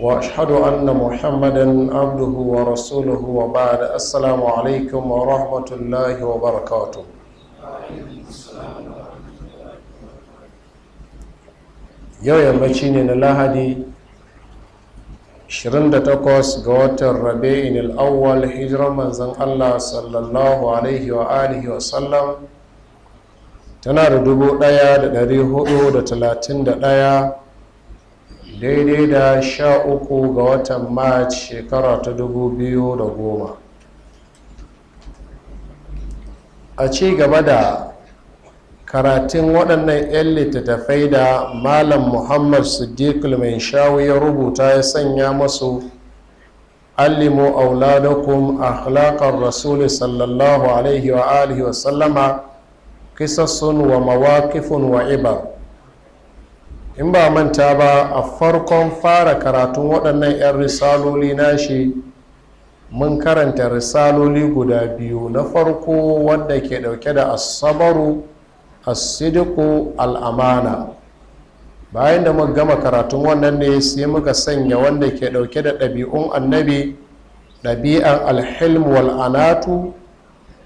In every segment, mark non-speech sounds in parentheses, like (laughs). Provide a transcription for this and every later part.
واشهد ان محمدا عبده ورسوله وبعد السلام عليكم ورحمه الله وبركاته yau yammaci ne na lahadi 28 ga watan rabi'in al'awwal hijiran manzan allah sallallahu alaihi wa alihi wa sallam tana da 1431 daidai da sha uku ga watan march shekara ta dubu biyu da goma a ci gaba da karatun waɗannan 'yan littattafai da malam muhammad siddiq mai shawo ya rubuta ya sanya masu allimu auladakum akhlaqar rasul sallallahu alaihi wa alihi wa sallama kisassun wa mawakifun wa ibar in ba manta ba a farkon fara karatun waɗannan 'yan risaloli na shi mun karanta risaloli guda biyu na farko wanda ke ɗauke da asabaru asidiku al'amana bayan da muka gama karatun wannan ne sai muka sanya wanda ke ɗauke da ɗabi'un annabi ɗabi'an alhilm wal'anatu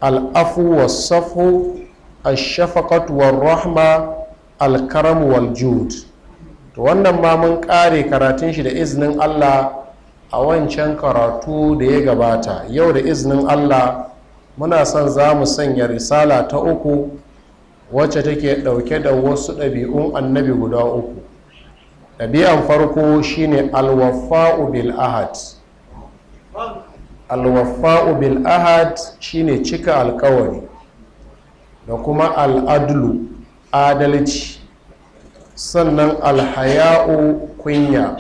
al'afu wasafu الشفقة rahma, الكرم Jude. to wannan ma mun kare karatun shi da iznin allah a wancan karatu da ya gabata yau da iznin allah muna son za mu sanya risala ta uku wacce take ɗauke da wasu ɗabi'un annabi guda uku ɗabi'an farko shine alwafa'u bil ahad alwafa'u bil ahad shine cika alkawari da kuma al'adlu adalci sannan alhaya'u kunya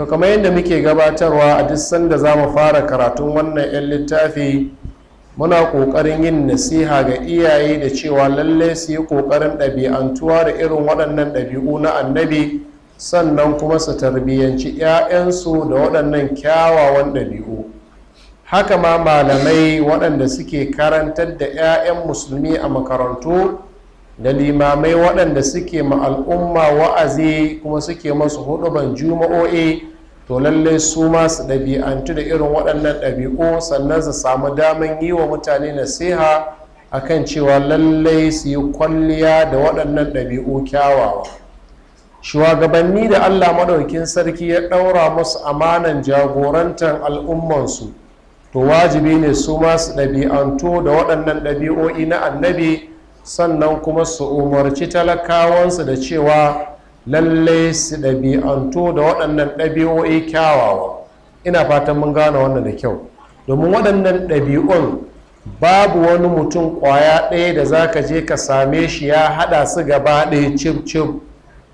to kamar yadda muke gabatarwa a duk sanda za mu fara karatun wannan 'yan littafi muna ƙoƙarin yin nasiha ga iyaye da cewa lallai su yi ƙoƙarin ɗabi'antuwa da irin waɗannan ɗabi'u na annabi sannan kuma su tarbiyyanci 'ya'yansu da waɗannan kyawawan ɗabi'u haka ma malamai waɗanda suke karantar da 'ya'yan musulmi a makarantu da limamai waɗanda suke ma al'umma wa'azi kuma suke masu huduban juma'o'i to lalle su ma ɗabi'antu da irin waɗannan ɗabi'u sannan su samu daman yi wa mutane nasiha akan cewa lalle su yi kwalliya da waɗannan ɗabi'u kyawawa shugabanni da allah maɗaukin sarki ya ɗaura musu amanan jagorantar al'ummansu to wajibi ne su ma ɗabi'antu da waɗannan ɗabi'o'i na annabi sannan kuma su umarci talakawansu da cewa lallai su ɗabi'antu da waɗannan ɗabi'o'i kyawawa ina fatan mun gane wannan da kyau domin waɗannan ɗabi'un babu wani mutum ƙwaya ɗaya da za ka je ka same shi ya haɗa su gaba ɗaya cib-cib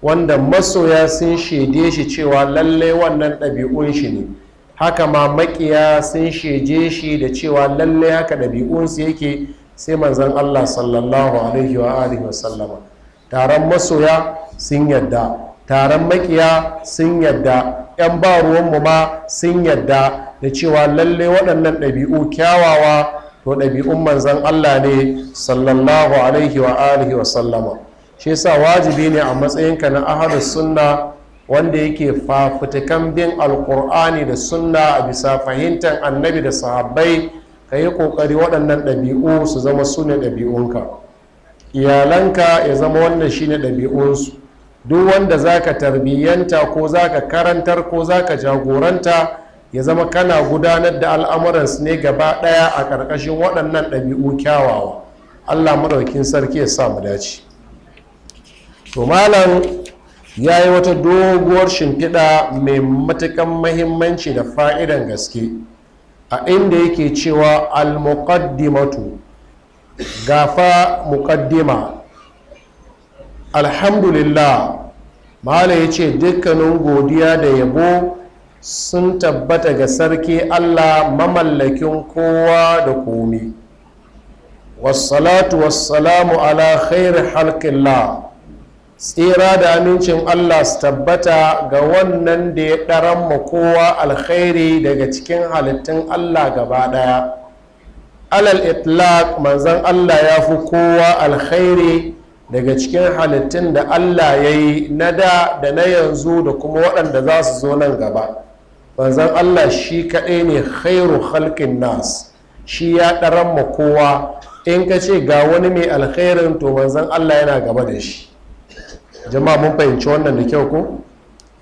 wanda masoya sun shaide shi cewa lallai wannan ɗabi'un shi ne haka ma maƙiya sun shaide shi da cewa lallai haka ɗabi'unsu yake sai manzan allah sallallahu alaihi wa alihi wasallama taron masoya sun yadda taron makiya sun yadda 'yan ba ruwanmu ma sun yadda da cewa lalle waɗannan ɗabi'u kyawawa to ɗabi'un manzan allah ne sallallahu alaihi wa alihi wasallama shi yasa wajibi ne a matsayinka na ahalus sunna wanda yake fafutukan bin alkur'ani da sunna a bisa fahimtar annabi da sahabbai ka yi ƙoƙari waɗannan ɗabi'u su zama su ne ɗabi'unka iyalanka ya zama wannan shi ne ɗabi'unsu duk wanda za ka tarbiyyanta ko za ka karantar ko za ka jagoranta ya zama kana gudanar da al'amuransu ne gaba ɗaya a ƙarƙashin waɗannan ɗabi'u kyawawa allah maɗaukin sarki ya sa mu dace to malam ya yi wata doguwar shimfiɗa mai matukan mahimmanci da fa'idan gaske a inda yake cewa al-muqaddimatu gafa muqaddima alhamdulillah mala ya ce dukkanin godiya da yabo sun tabbata ga sarki allah mamallakin kowa da komi Wasu salatu wasu salamu ala khairi la' tsira da amincin allah su tabbata ga wannan da ya ɗaran ma kowa alkhairi daga cikin halittun allah gaba ɗaya alal itlaq manzan allah ya fi kowa alkhairi daga cikin halittun da allah ya yi na da da na yanzu da kuma waɗanda za su zo nan gaba manzan allah shi kaɗai ne khairu halkin nas shi ya ɗaran ma kowa in ka ce ga wani mai alkhairin to manzan allah yana gaba da shi jama'a mun fahimci wannan da kyau ko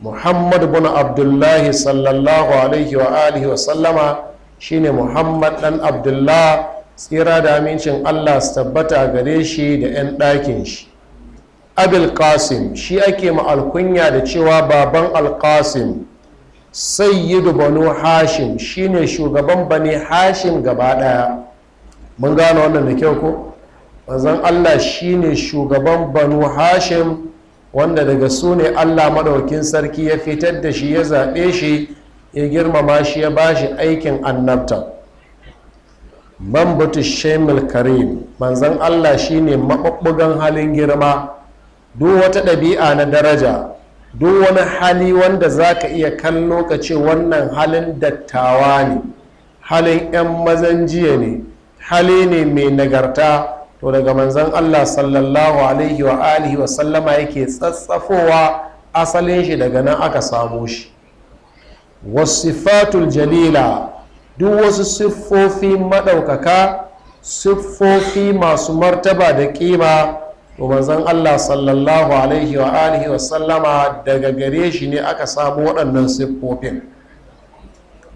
muhammad bin abdullahi sallallahu alaihi wa alihi wa sallama shine muhammad dan abdullah tsira da amincin allah su tabbata gare shi da 'yan ɗakin shi abil qasim shi ake ma alkunya da cewa baban alkasim sayyidu banu hashim shine shugaban bani hashim gaba ɗaya mun gane wannan da kyau ko manzon allah shine shugaban banu hashim wanda daga su ne allah maɗaukin sarki ya fitar da shi ya zaɓe shi ya girmama shi ya ba shi aikin annabta mambutu shemil karim manzan allah shine maɓaɓɓugan halin girma duk wata ɗabi'a na daraja duk wani hali wanda za ka iya kallo ka wannan halin dattawa ne halin 'yan mazan jiya ne hali ne mai nagarta to daga manzan allah sallallahu alaihi wa alihi wa sallama yake tsatsafowa asalin shi daga nan aka samo shi wasifatul jalila duk wasu siffofi maɗaukaka siffofi masu martaba da ƙima to manzan allah sallallahu alaihi wa alihi wa sallama daga gare shi ne aka samu waɗannan siffofin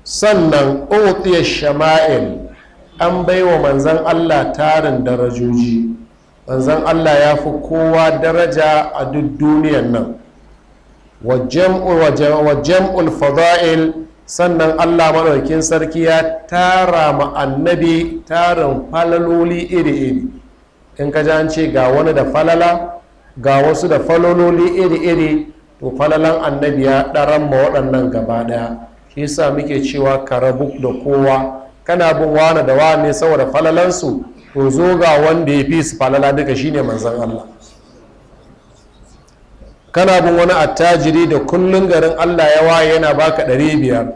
sannan utiya shama'il an baiwa manzan allah tarin darajoji manzan allah ya fi kowa daraja a duk duniyan nan wa jam'ul fada'il sannan allah maɗaukin sarki ya tara ma annabi tarin falaloli iri-iri in ka an ce ga wani da falala ga wasu da falaloli iri-iri to falalan annabi ya ɗaran ma waɗannan gaba ɗaya shi sa muke cewa ka rabu da kowa kana bin wane da wane saboda falalansu to zo ga wanda ya fi su falala duka shine manzan Allah kana bin wani attajiri da kullun garin Allah ya waye yana baka ɗari biyar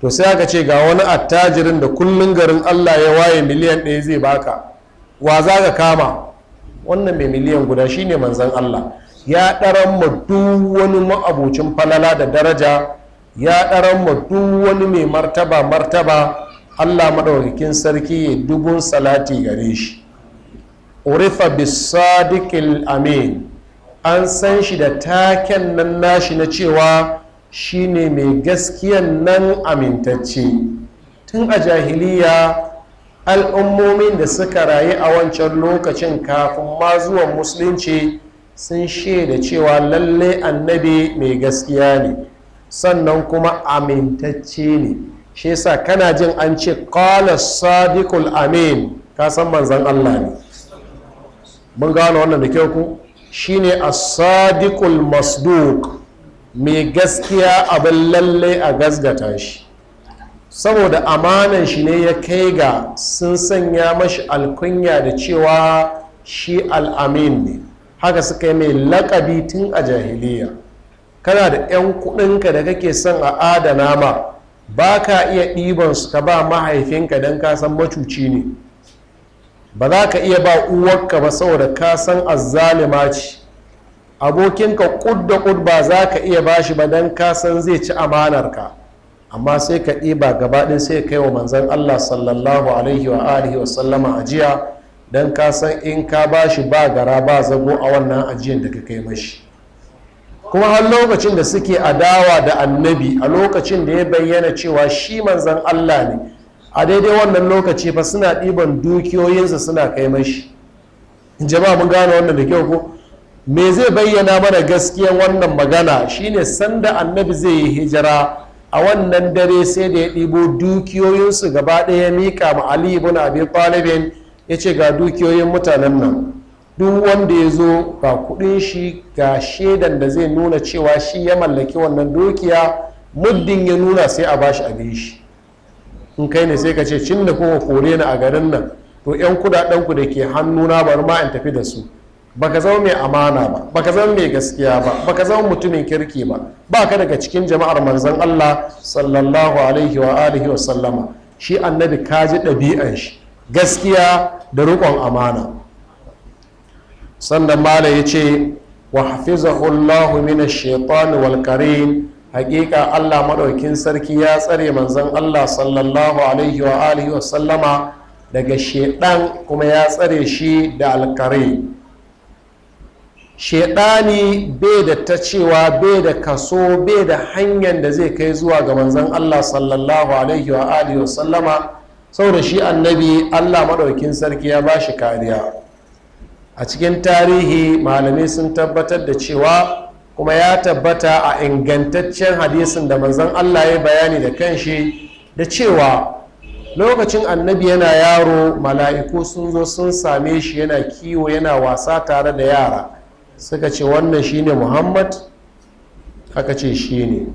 to sai aka ce ga wani attajirin da kullun garin Allah ya waye miliyan ɗaya zai baka wa za ka kama wannan mai miliyan guda shine manzan Allah ya ɗaran ma wani ma'abocin falala da daraja ya ɗaran ma duk wani mai martaba martaba allah maɗaukakin sarki ya dubun salati gare shi urifa bisadikin amin an san shi da taken nan nashi na cewa shine mai gaskiyan nan amintacce tun a jahiliya al'ummomin da suka rayu a wancan lokacin kafin ma zuwan musulunci sun shaida cewa lalle annabi mai gaskiya ne sannan kuma amintacce ne shi yasa kana jin an ce qala sadiqul amin ka san manzon Allah ne mun gano wannan da kyau ku shine as-sadiqul masduq mai gaskiya abin lalle a gasgata shi saboda amanan shi ne ya kai ga sun sanya mashi alkunya da cewa shi al'amin ne haka suka yi mai lakabi tun a jahiliya kana da 'yan kuɗinka da kake son a adana ma ba ka iya ɗibansu ka ba mahaifinka don ka san macuci ne ba za ka iya ba uwarka ba saboda ka san azzalima ce abokinka ƙudda da kud ba za ka iya ba shi ba don ka san zai ci amanarka amma sai ka ɗiba gabaɗin sai kai wa manzan allah sallallahu alaihi wa alihi wa ajiya don ka san in ka ba shi ba gara ba zago a wannan ajiyar da ka kai mashi kuma har lokacin da suke adawa da annabi a lokacin da ya bayyana cewa shi manzan allah ne a daidai wannan lokaci fa suna ɗiban dukiyoyinsa suna kai mashi jama'a mun gane wannan da kyau ko me zai bayyana mana gaskiyan wannan magana shine sanda annabi zai yi hijira a wannan dare sai da ya ɗibo dukiyoyinsu gaba ɗaya mika ma ali ibn abi talibin ya ce ga dukiyoyin mutanen nan duk wanda ya zo ga kudin shi ga shaidan da zai nuna cewa shi ya mallaki wannan dukiya muddin ya nuna sai a bashi abin shi in kai ne sai ka ce cin da kuma kore ni a garin nan to 'yan ku da ke hannuna bar ma in tafi da su baka zama mai amana ba baka zama mai gaskiya ba baka zama mutumin kirki ba baka daga cikin jama'ar manzon Allah sallallahu alaihi wa alihi wa sallama shi annabi kaji ɗabi'an shi gaskiya da riƙon amana sannan mala ya ce wa hafizahullahu min shaitani wal karim hakika allah maɗaukin sarki ya tsare manzon allah sallallahu alaihi wa alihi wa sallama daga shaidan kuma ya tsare shi da alkare shaidani bai da ta cewa bai da kaso bai da hanyar da zai kai zuwa ga manzon allah sallallahu alaihi wa alihi wa sallama saboda shi annabi allah maɗaukin sarki ya ba shi kariya a cikin tarihi malamai sun tabbatar da cewa kuma ya tabbata a ingantaccen hadisin da manzon allah ya bayani da kanshi da cewa lokacin annabi yana yaro mala'iku sun zo sun same shi yana kiwo yana wasa tare da yara suka ce wannan shine muhammad aka ce shine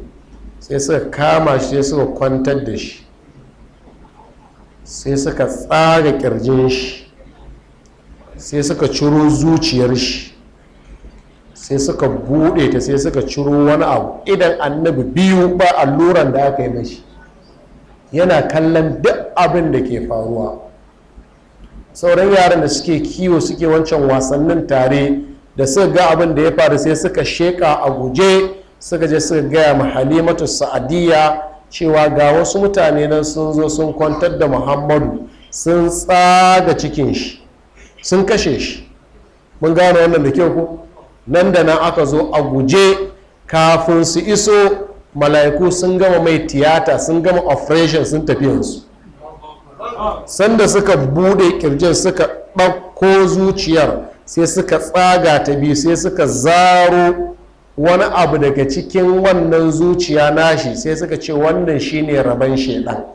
sai suka kama shi sai suka kwantar da shi sai suka tsaga kirjin shi sai suka ciro zuciyar shi sai suka bude ta sai suka ciro wani abu idan annabi biyu ba alluran da aka yi mashi yana kallon duk abin da ke faruwa sauran yaran da suke kiwo suke wancan wasannin tare da suka ga abin da ya faru sai suka sheka a guje suka je suka gaya ma halimatu sa'adiyya cewa ga wasu mutane nan sun zo sun kwantar da muhammadu sun tsaga cikin shi sun kashe shi mun gane wannan da kyau ko nan da nan aka zo a guje kafin su iso mala'iku sun gama mai tiyata sun gama operation sun tafi yansu sanda suka bude kirjin suka ɗauko zuciyar sai suka tsaga ta biyu sai suka zaro wani abu daga cikin wannan zuciya nashi sai suka ce wannan shine raban shaidan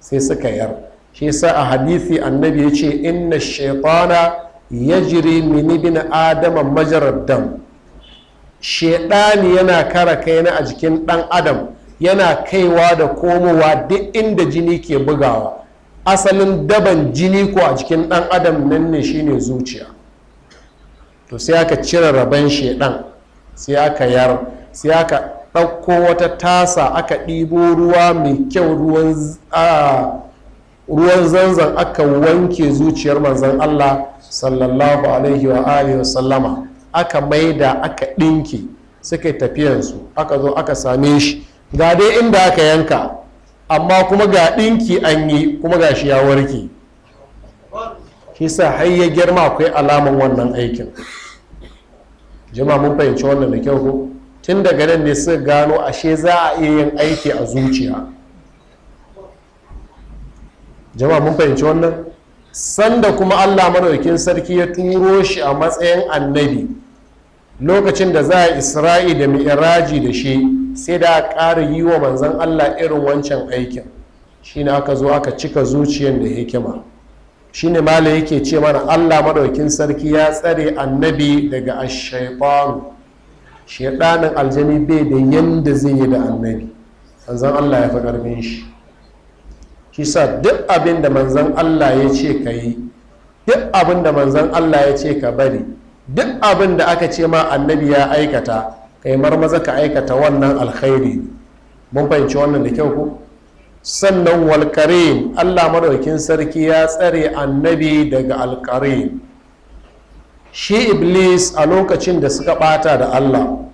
sai suka yarda. shi yasa a hadisi annabi ya ce inna ya jiri mini ibn adama majarar dam shaitani yana kara kaina a jikin dan adam yana kaiwa da komowa duk inda jini ke bugawa asalin daban jini ko a jikin dan adam nan ne shine zuciya to sai aka cire rabon shaidan sai aka yar sai aka ɗauko wata tasa aka ɗibo ruwa mai kyau ruwan ruwan zanzan aka wanke zuciyar manzan allah sallallahu alaihi wa alihi sallama aka maida aka ɗinki suka tafiyansu aka zo aka same shi ga dai inda aka yanka amma kuma ga ɗinki an yi kuma ga shi ya warke kisa har ya girma akwai alaman wannan aikin jima mun fahimci wannan da kyau ko tun daga nan ne suka gano ashe za a iya yin aiki a zuciya jama'a mun fahimci wannan sanda kuma allah madaukin sarki ya turo shi a matsayin annabi lokacin da za a isra'i da mi'raji da shi sai da a ƙara yi wa manzan allah irin wancan aikin shine aka zo aka cika zuciyar da hikima shine mala yake ce mana allah madaukin sarki ya tsare annabi daga ashaifanu shaidanin aljani bai da yanda zai yi da annabi manzan allah ya fi ƙarfin shi Shisa duk abin da manzan allah ya ce ka yi duk abin da manzan allah ya ce ka bari duk abin da aka ce ma annabi ya aikata ka yi marmaza ka aikata wannan alkhairi mun fahimci wannan da kyau ku sannan walkarin allah madaukin sarki ya tsare annabi daga alkarim shi iblis a lokacin da suka bata da allah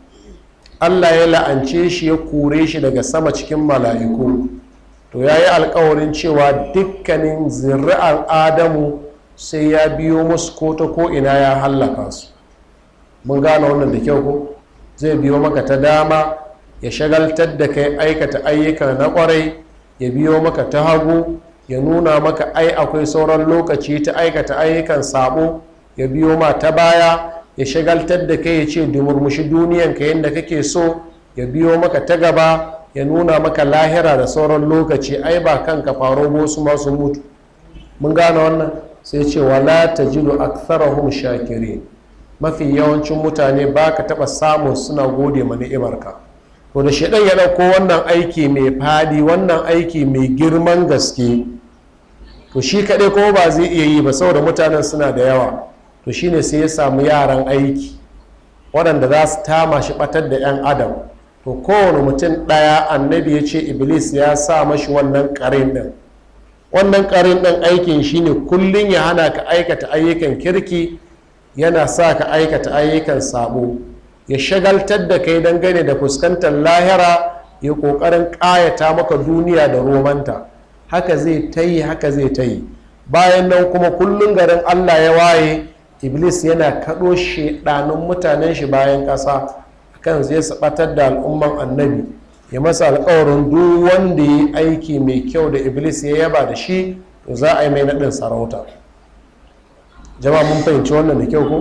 allah ya la'ance shi ya kure shi daga sama cikin mala'iku to ya yi alkawarin cewa dukkanin zira'ar adamu sai ya biyo musu ko ta ko'ina ya hallaka su mun gane wannan da kyau ko zai biyo maka ta dama ya shagaltar da kai aikata ayyuka na kwarai ya biyo maka ta hagu ya nuna maka ai akwai sauran lokaci ta aikata ayyukan sabo ya biyo ma ta baya ya shagaltar da kai ya ce dumurmushi duniyanka yadda kake so ya biyo maka ta gaba ya nuna maka lahira da sauran lokaci ai ba kanka faro wasu masu mutu mun gane wannan sai ce wala tajidu aktharahum shakirin mafi yawancin mutane ba ka taɓa samun suna gode ma ibarka to da shaɗan ya ɗauko wannan aiki mai fadi wannan aiki mai girman gaske to shi kaɗai ko ba zai iya yi ba saboda mutanen suna da yawa to shine sai ya samu yaran aiki waɗanda za su tama shi ɓatar da 'yan adam to kowane mutum ɗaya annabi ya ce iblis ya sa mashi wannan ƙarin ɗin wannan ƙarin ɗin aikin shi ne kullum ya hana ka aikata ayyukan kirki yana sa ka aikata ayyukan sabo ya shagaltar da kai dangane da fuskantar lahira ya ƙoƙarin ƙayata maka duniya da romanta haka zai ta yi haka zai ta yi bayan nan kuma kullum garin allah ya waye iblis yana kaɗo shaɗanin mutanen shi bayan ƙasa kan zai sabatar da al'umman annabi ya masa alkawarin duk wanda ya aiki mai kyau da iblis ya yaba da shi to za a yi mai naɗin sarauta Jama mun fahimci wannan da kyau ko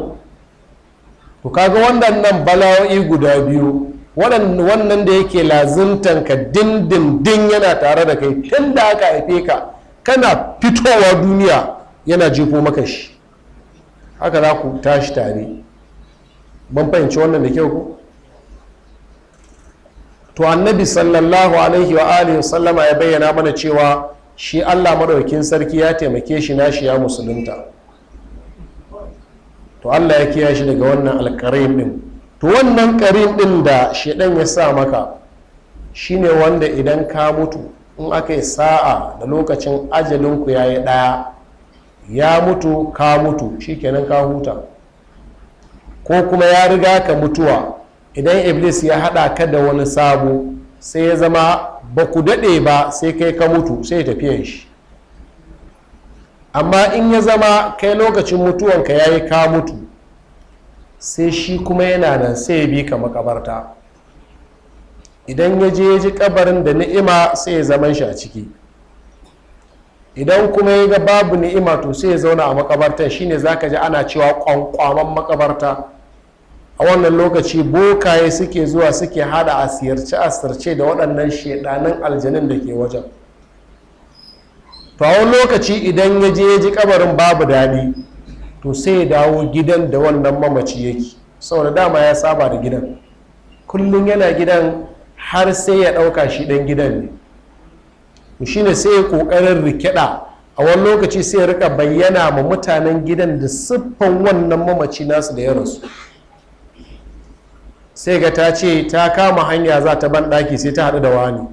to kaga wannan bala'o'i guda biyu wannan da yake lazimtan ka dindindin yana tare da kai tun da aka haife ka kana fitowa duniya yana jefo maka shi haka za ku tashi tare ban fahimci wannan da kyau ko. to annabi sallallahu alaihi wa alihi sallama ya bayyana mana cewa shi allah maɗaukin sarki ya taimake shi nashi ya musulunta to allah ya kiyaye shi daga wannan alkarin din to wannan karin din da shedan ya sa maka shine wanda idan ka mutu in aka yi sa'a da lokacin ajalinku ya yi ɗaya ya mutu ka mutu shikenan ka huta ko kuma ya riga ka mutuwa idan iblis ya haɗa ka da wani sabo sai ya zama ba ku daɗe ba sai kai ka mutu sai tafiya shi amma in ya zama kai lokacin mutuwanka ya yi ka mutu sai shi kuma yana nan sai ya bi ka makabarta idan ya je ji kabarin da ni'ima sai ya zaman shi a ciki idan kuma ya ga babu ni'ima to sai ya zauna a makabartar shine zaka ji ana cewa kwankwaman makabarta a wannan lokaci bokaye suke zuwa suke hada a asirce da waɗannan shedanan aljanin da ke wajen to lokaci idan ya je ya ji kabarin babu daɗi to sai ya dawo gidan da wannan mamaci yake saboda dama ya saba da gidan kullum yana gidan har sai ya ɗauka shi ɗan gidan ne shi ne sai ya ƙoƙarin rikida a wani lokaci sai ya rika bayyana ma mutanen gidan da siffan wannan mamaci nasu da ya rasu sai ga ta ce ta kama hanya za ta ban ɗaki sai ta haɗu da wani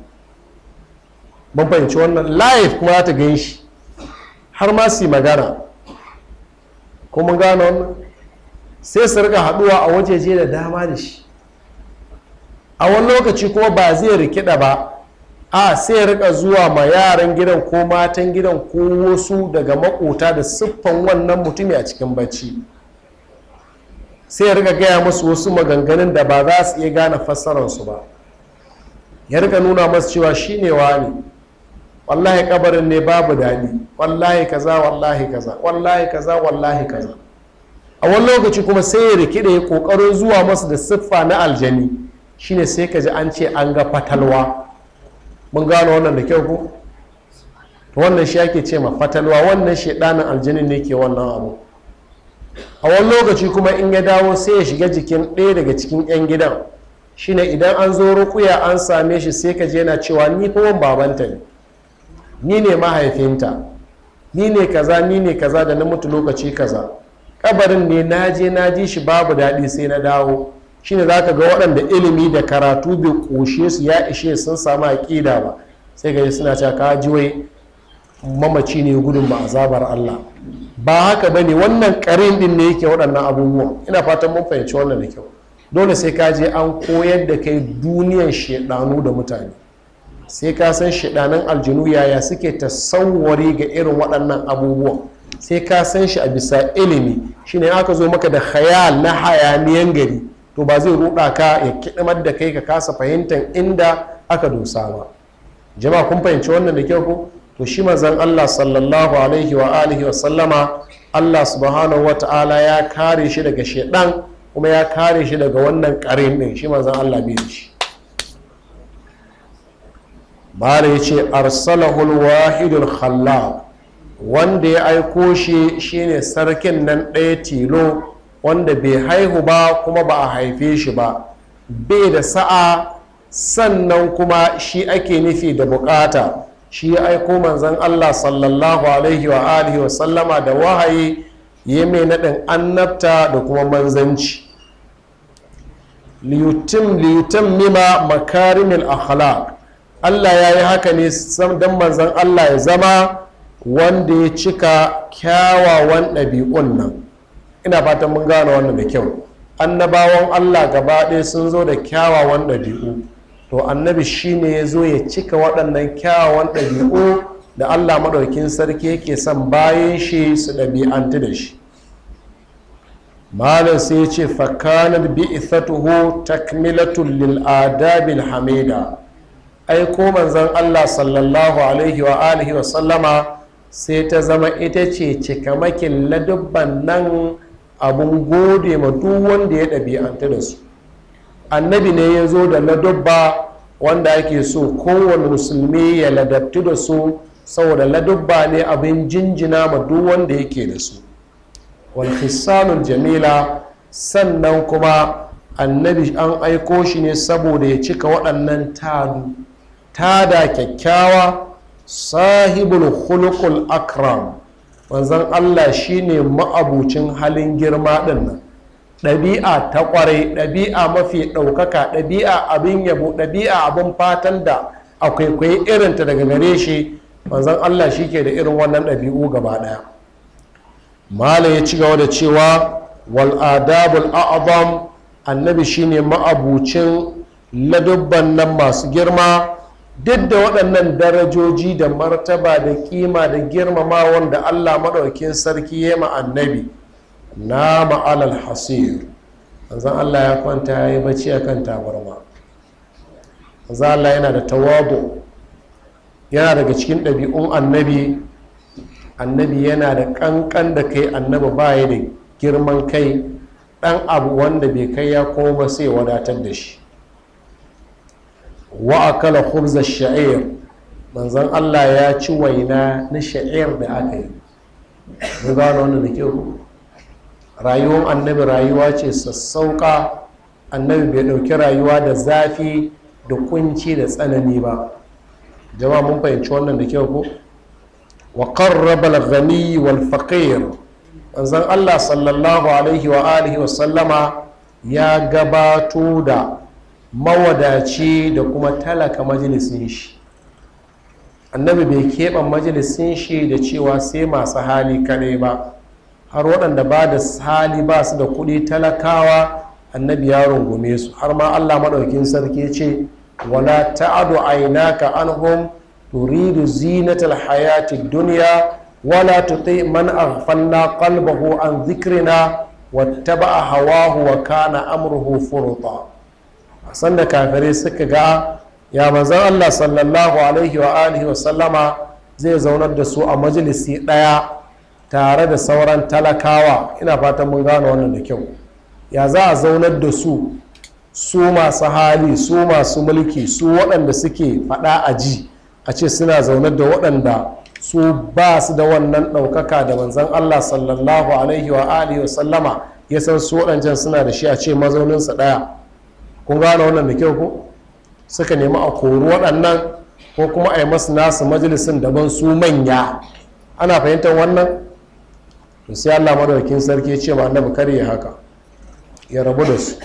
ban fahimci wannan live kuma za ta gan shi har ma su yi magana kuma gano wannan sai su rika haɗuwa a wajeje da dama da shi a wani lokaci kuma ba zai rikida ba a sai rika zuwa ma yaran gidan ko matan gidan ko wasu daga makota da siffan wannan mutumi a cikin bacci sai ya riga gaya musu wasu maganganun da ba za su iya gane fassararsu ba ya riga nuna masu cewa shi ne wani wallahi kabarin ne babu daɗi wallahi kaza wallahi kaza wallahi kaza wallahi kaza a wani lokaci kuma sai ya rikide ya kokarin zuwa masu da siffa na aljani shine sai ka ji an ce an ga fatalwa mun gano wannan da kyau ko to wannan shi ake ce ma fatalwa wannan shedanin aljani ne ke wannan abu a wani lokaci kuma in ya dawo sai ya shiga jikin ɗaya daga cikin 'yan gidan shine idan an zo rukuya an same shi sai ka je yana cewa ni fa babanta ne ni ne mahaifinta ni ne kaza ni ne kaza da na mutu lokaci kaza kabarin ne na je na ji shi babu daɗi sai na dawo shine za ka ga waɗanda ilimi da karatu bai ƙoshe su ya ishe sun samu aƙida ba sai ga suna cewa ka mamaci ne gudun ba azabar Allah ba haka bane wannan karin din ne yake waɗannan abubuwan? ina fatan mun fahimci wannan da kyau dole sai ka je an koyar da kai duniyar shaidanu da mutane sai ka san shaidanan aljinu yaya suke tasawwari ga irin waɗannan abubuwa sai ka san shi a bisa ilimi shine aka zo maka da khayal na hayaniyan gari to ba zai ruɗa ka ya kidimar da kai ka kasa fahimtar inda aka dosa ba jama'a kun fahimci wannan da kyau ko to shi mazan allah sallallahu alaihi wa alihi wa sallama allah subhanahu wa ta'ala ya kare shi daga shaidan kuma ya kare shi daga wannan karin din shi mazan allah bai shi bare ya ce arsalahul wahidul khallab wanda ya aiko shi shine sarkin nan ɗaya tilo wanda bai haihu ba kuma ba a haife shi ba bai da sa'a sannan kuma shi ake nufi da bukata shi ya aiko manzan allah sallallahu alaihi wa alihi wa sallama da wahayi ya mai naɗin annabta da kuma manzanci liyutim liyutim mima makarimil akhlaq allah ya yi haka ne don Manzon allah ya zama wanda ya cika kyawawan ɗabi'un nan ina fatan mun gane wannan da kyau annabawan allah gaba ɗaya sun zo da kyawawan ɗabi'u to annabi shine ya zo ya cika waɗannan kyawawan ɗabi'u da allah maɗaukin sarki yake son bayan shi su ɗabi'antu da shi malam sai ce fakanar bi ithatuhu takmilatul lil adabil hamida ai ko manzon allah sallallahu alaihi wa alihi wa sallama sai ta zama ita ce cika makin ladubban nan abun gode ma duk wanda ya ɗabi'anta da su annabi ne ya zo da ladabba wanda ake so kowane musulmi ya ladabtu da su saboda ladabba ne abin jinjina ma duk wanda yake da su hisanun jamila sannan kuma annabi an aiko shi ne saboda ya cika waɗannan tadu tada kyakkyawa sahibul hulukul akram wanzan allah shine ma'abucin halin girma ɗin nan ɗabi'a ta ƙwarai ɗabi'a mafi ɗaukaka ɗabi'a abin yabo ɗabi'a abin fatan da akwai kwaye irinta daga gare shi manzan allah shi ke da irin wannan ɗabi'u gaba ɗaya malam ya ci gaba da cewa wal adabul a'zam annabi shine ma'abucin ladubban nan masu girma duk da waɗannan darajoji da martaba da kima da girmama da allah maɗaukin sarki ya ma annabi na ma'alal hasir zan allah ya kwanta ya yi bacci a kan tabarma zan allah yana da tawabu. yana daga cikin ɗabi'un annabi annabi yana da ƙanƙan da kai annabi ya da girman kai ɗan abu wanda bai kai ya koma sai wadatar da shi wa akala khubza sha'ir manzan Allah ya ci waina na sha'ir da aka yi ba wannan da kyau rayuwar annabi rayuwa ce sassauka annabi bai dauki rayuwa da zafi da kunci da tsanani ba jama'a mun fahimci wannan da kyau ko wa qarraba al-ghani wal faqir manzon Allah sallallahu alaihi wa alihi wa sallama ya gabato da mawadaci da kuma talaka majalisin shi annabi bai keɓe majalisin shi da cewa sai masu hali kaɗai ba har waɗanda ba da sali ba su da kuɗi talakawa annabi ya rungume su har ma allah maɗaukin sarki ce wala ta'adu hun anhum turidu zinatal hayati duniya wala tuti man aghfalna qalbahu an zikrina wattaba'a hawahu wa kana amruhu furuta san da kafirai suka ga ya manzon allah sallallahu alaihi wa alihi wa sallama zai zaunar da su a majalisi ɗaya tare da sauran talakawa ina fatan mun gano wannan da kyau ya za a zaunar da su su masu hali su masu mulki su waɗanda suke faɗa a ji a ce suna zaunar da waɗanda su ba su da wannan ɗaukaka da manzan allah sallallahu alaihi wa alihi sallama ya san su waɗancan suna da shi a ce mazauninsa ɗaya kun gano wannan da kyau ko suka nemi a kori waɗannan ko kuma a yi masu nasu majalisin daban su manya ana fahimtar wannan to sai allah madaukin sarki ce ma annabi kar ya haka ya rabu da su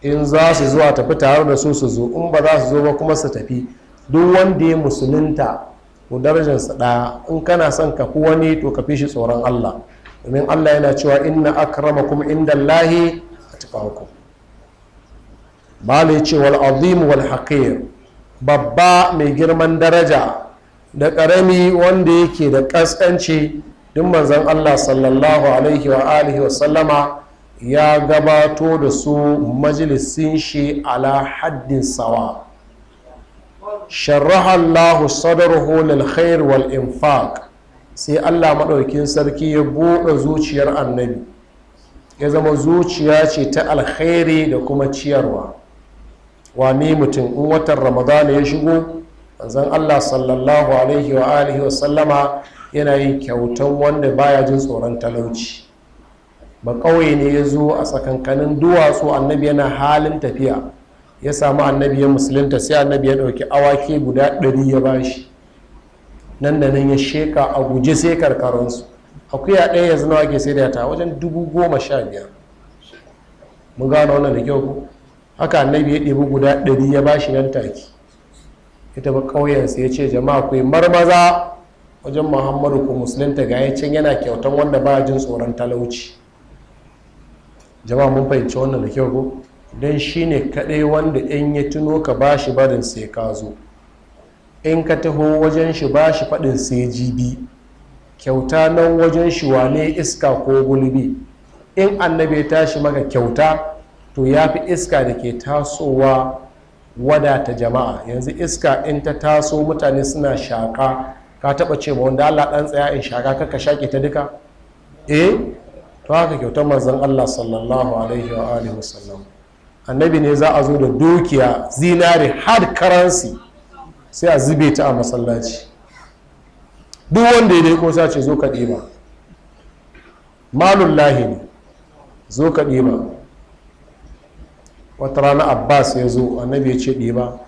in za su zuwa tafi tare da su su zo in ba za su zo ba kuma su tafi duk wanda ya musulunta darajar darajarsa ɗaya in kana son ka fi wani to ka fi shi tsoron allah domin allah yana cewa inna akramakum inda lahi a tufaku malai ce wal azim wal haqir babba mai girman daraja da ƙarami wanda yake da ƙasƙanci duk manzan allah sallallahu alaihi wa alihi wa sallama ya gabato da su majalisin shi ala haddin sawa sharraha allahu sadarhu lil khair wal infaq sai allah maɗaukin sarki ya buɗe zuciyar annabi ya zama zuciya ce ta alkhairi da kuma ciyarwa wani mutum in watan ramadana ya shigo manzan allah sallallahu alaihi wa alihi wa sallama yana yin kyautan wanda baya jin tsoron talauci ba kawai ne ya zo a tsakankanin duwatsu annabi yana halin tafiya ya samu annabi ya musulunta sai annabi ya ɗauki awaki guda ɗari ya ba shi nan da nan ya sheka a guje sai karkaransu akuya ɗaya yanzu nawa sai saida ta wajen dubu goma sha biyar mun gano wannan da kyau haka annabi ya ɗebi guda ɗari ya bashi nan take ita ba ƙauyensa ya ce jama'a akwai marmaza wajen muhammadu ko musulunta ga ya can yana kyautan wanda ba jin tsoron talauci jama'a mun fahimci wannan da kyau ko don shi ne kaɗai wanda in ya tuno ka ba shi barin sai ka zo in ka taho wajen shi ba shi faɗin sai jibi kyauta nan wajen shi wane iska ko gulbi in annabi ya tashi maka kyauta to ya fi iska da ke tasowa wadata jama'a yanzu iska in ta taso mutane suna shaƙa ka taba ce ba wanda Allah dan tsaya in shaga kaka shake ta duka eh to haka kyautar manzon Allah sallallahu alaihi wa alihi wasallam annabi ne za a zo da dukiya zinari hard currency sai a zube ta a masallaci duk wanda ya dai ko ce zo ka ɗiba malun lahi zo ka wata rana abbas ya zo annabi ya ce ɗiba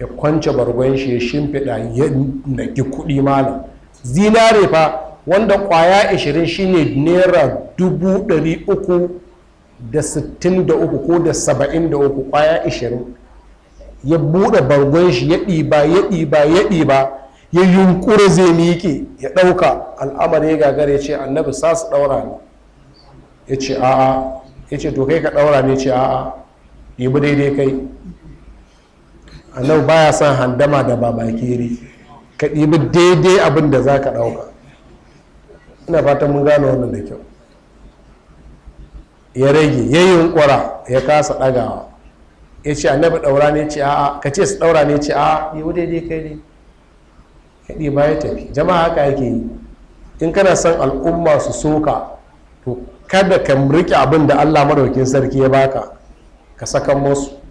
ya kwance bargon shi ya shimfiɗa ya naƙi kuɗi malam zinare fa wanda kwaya 20 shine naira 363 ko da 73 kwaya 20 ya buɗe bargon shi ya ɗiba ya ɗiba ya ɗiba ya yunkura zai miƙe ya ɗauka al'amari ya gagara ya ce annabi sa su ɗaura ne ya ce a'a ya ce to kai ka ɗaura ne ce a'a ɗibi daidai kai annabi baya son handama da babakere ka ɗibi daidai abin da za ka ɗauka ina fatan mun gane wannan da kyau ya rage ya yunkura ya kasa ɗagawa ya ce annabi ɗaura ne ce a'a ka ce su ɗaura ne ce a'a yiwu daidai kai ne ya ɗiba ya tafi jama'a haka yake yi in kana son al'umma su soka to kada ka riƙe abin da allah maɗaukin sarki ya baka ka sakan musu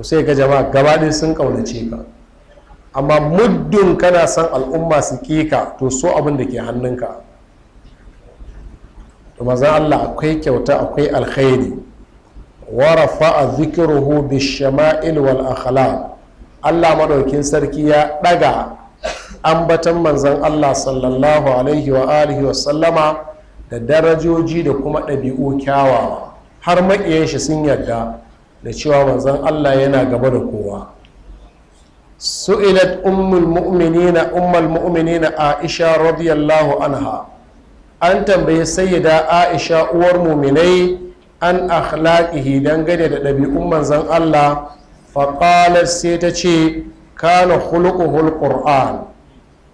to sai ga jama'a gabaɗe sun ƙaunace ka amma muddin kana son al'umma su ƙika to so abin da ke hannunka to mazan allah akwai kyauta akwai alkhairi warafa a zikiruhu bi shama'il wal akhlaq allah maɗaukin sarki ya ɗaga ambatan manzan allah sallallahu alaihi wa alihi wa sallama da darajoji da kuma ɗabi'u kyawawa har maƙiyan shi sun yarda da cewa manzan allah yana gaba da kowa su'ilat ummul mu'minina ummul mu'minina aisha radiyallahu anha an tambayi sayyida aisha uwar muminai an akhlaqihi dangane da ɗabi'un manzan allah faƙalar sai ta ce kana khuluquhul ƙur'an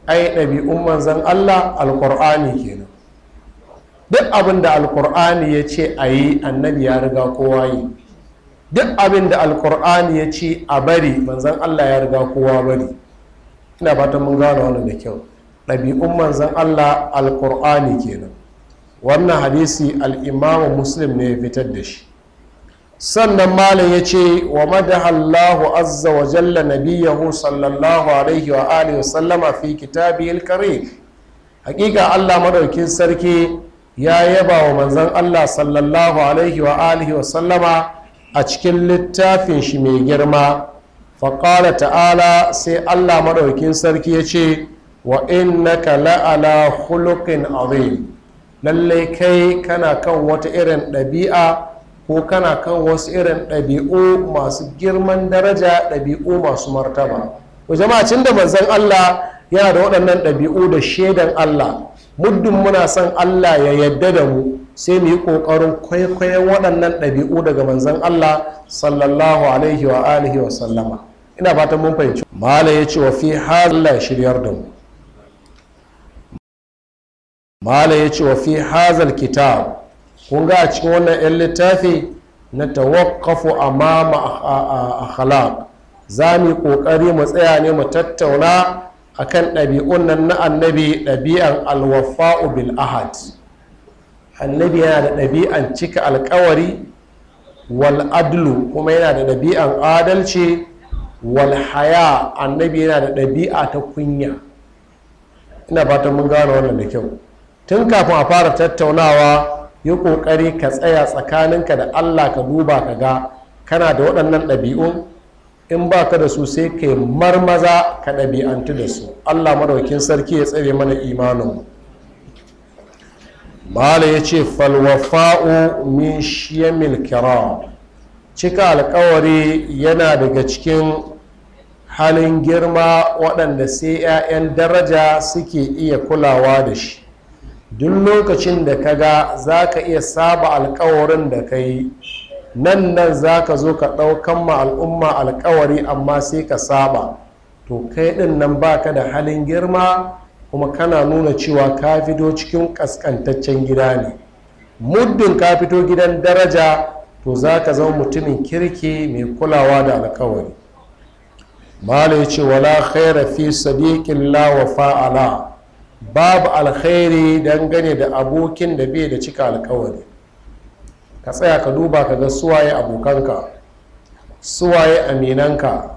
ai ɗabi'un manzan allah alqur'ani kenan duk abinda da yace ya ce a annabi ya riga kowa yi duk abin da alkur'ani ya ce a bari manzan allah ya riga kowa bari ina fatan mun gano wannan da kyau ɗabi'un manzan allah alkur'ani kenan wannan hadisi al'imamu muslim ne ya fitar da shi sannan malam ya ce wa allahu azza wa jalla nabiyahu sallallahu alaihi wa alihi sallama fi kitabi alkarim hakika allah madaukin sarki ya yaba wa manzan allah sallallahu alaihi wa alihi sallama a cikin littafin shi mai girma faƙala ta'ala sai allah maɗaukin sarki ya ce wa ka la'ala hulukin azim lallai kai kana kan wata irin ɗabi'a ko kana kan wasu irin ɗabi'u masu girman daraja ɗabi'u masu martaba jama'a cin da manzan allah yana da waɗannan ɗabi'u da shaidan allah muddin muna son allah ya yadda da mu sai mu yi ƙoƙarin kwaikwayon waɗannan ɗabi'u daga manzan Allah sallallahu alaihi wa alihi wa sallama ina fatan mun fahimci mala ya ce wa fi ya shiryar da mu mala ya ce wa fi hazal kitab kun ga a cikin wannan 'yan littafi na tawakkafu a akhlaq za mu yi ƙoƙari mu tsaya ne mu tattauna akan ɗabi'un nan na annabi ɗabi'an alwafa'u bil ahad annabi yana da ɗabi'an cika alkawari wal adlu kuma yana da ɗabi'an adalci wal haya annabi yana da ɗabi'a ta kunya ina fatan mun gano wannan da kyau tun kafin a fara tattaunawa yi ƙoƙari ka tsaya tsakaninka da allah ka duba ka ga kana da waɗannan ɗabi'un in ba ka da su sai ka yi marmaza ka ɗabi'antu da su allah madaukin sarki ya tsare mana imaninmu mala ya ce falwafa'u min shiyamil kira cika alkawari yana daga cikin halin girma waɗanda sai 'ya'yan daraja suke iya kulawa da shi duk lokacin da ka ga za ka iya saba alkawarin da ka yi nan nan za ka zo ka ɗaukan ma al'umma alkawari amma sai ka saba to kai ɗin nan baka da halin girma kuma kana nuna cewa ka fito cikin ƙasƙantaccen gida ne muddin ka fito gidan daraja to za ka zama mutumin kirki mai kulawa da alkawari malai ce wala khaira fi sadiqin la wa fa'ala babu alkhairi dangane da abokin da bai da cika alkawari ka tsaya ka duba ka ga suwaye abokanka suwaye aminanka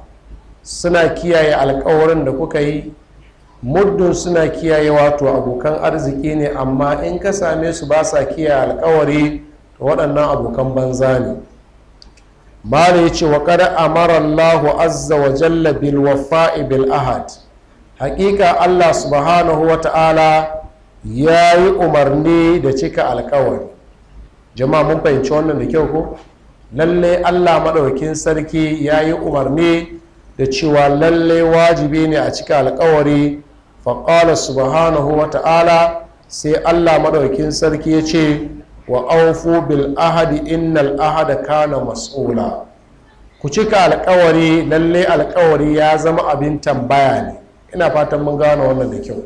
suna kiyaye alkawarin da kuka yi muddin suna kiyaye wato abokan arziki ne amma in ka same su ba sa kiyaye alkawari waɗannan abokan banza ne mala ya ce wa kada amara allahu azza wa jalla bil wafa'i bil ahad haƙiƙa allah subhanahu wa ta'ala ya yi umarni da cika alkawari jama'a mun fahimci wannan da kyau ko lallai allah maɗaukin sarki ya yi umarni da cewa lallai wajibi ne a cika alkawari faƙala subhanahu wa ta'ala sai allah maɗaukin sarki ya ce wa aufu bil ahadi innal ahada kana mas'ula ku cika alkawari lalle alkawari ya zama abin tambaya ne ina fatan mun gano wannan da kyau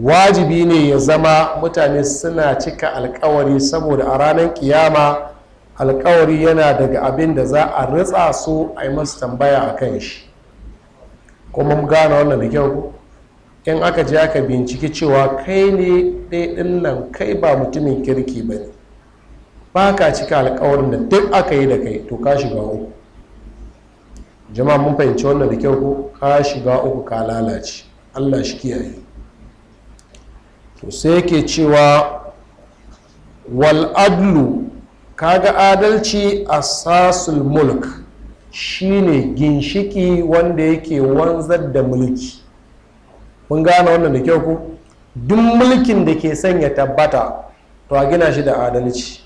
wajibi ne ya zama mutane suna cika alkawari saboda a ranar ƙiyama, alkawari yana daga abin da za a ritsa su a yi masu tambaya a kan shi kuma mun gano wannan da kyau in aka je aka binciki cewa kai ne ɗaiɗin nan kai ba mutumin kirki ba ne ba ka cika alkawarin da duk aka yi da kai to ka shiga uku jama'a mun fahimci wannan da kyau ko ka shiga uku ka lalace allah shi kiyaye to sai yake cewa wal'adlu ka kaga adalci asasul mulk shine ginshiki wanda yake wanzar da mulki mun gane wannan da kyau ku duk mulkin da ke ya tabbata to a gina shi da adalci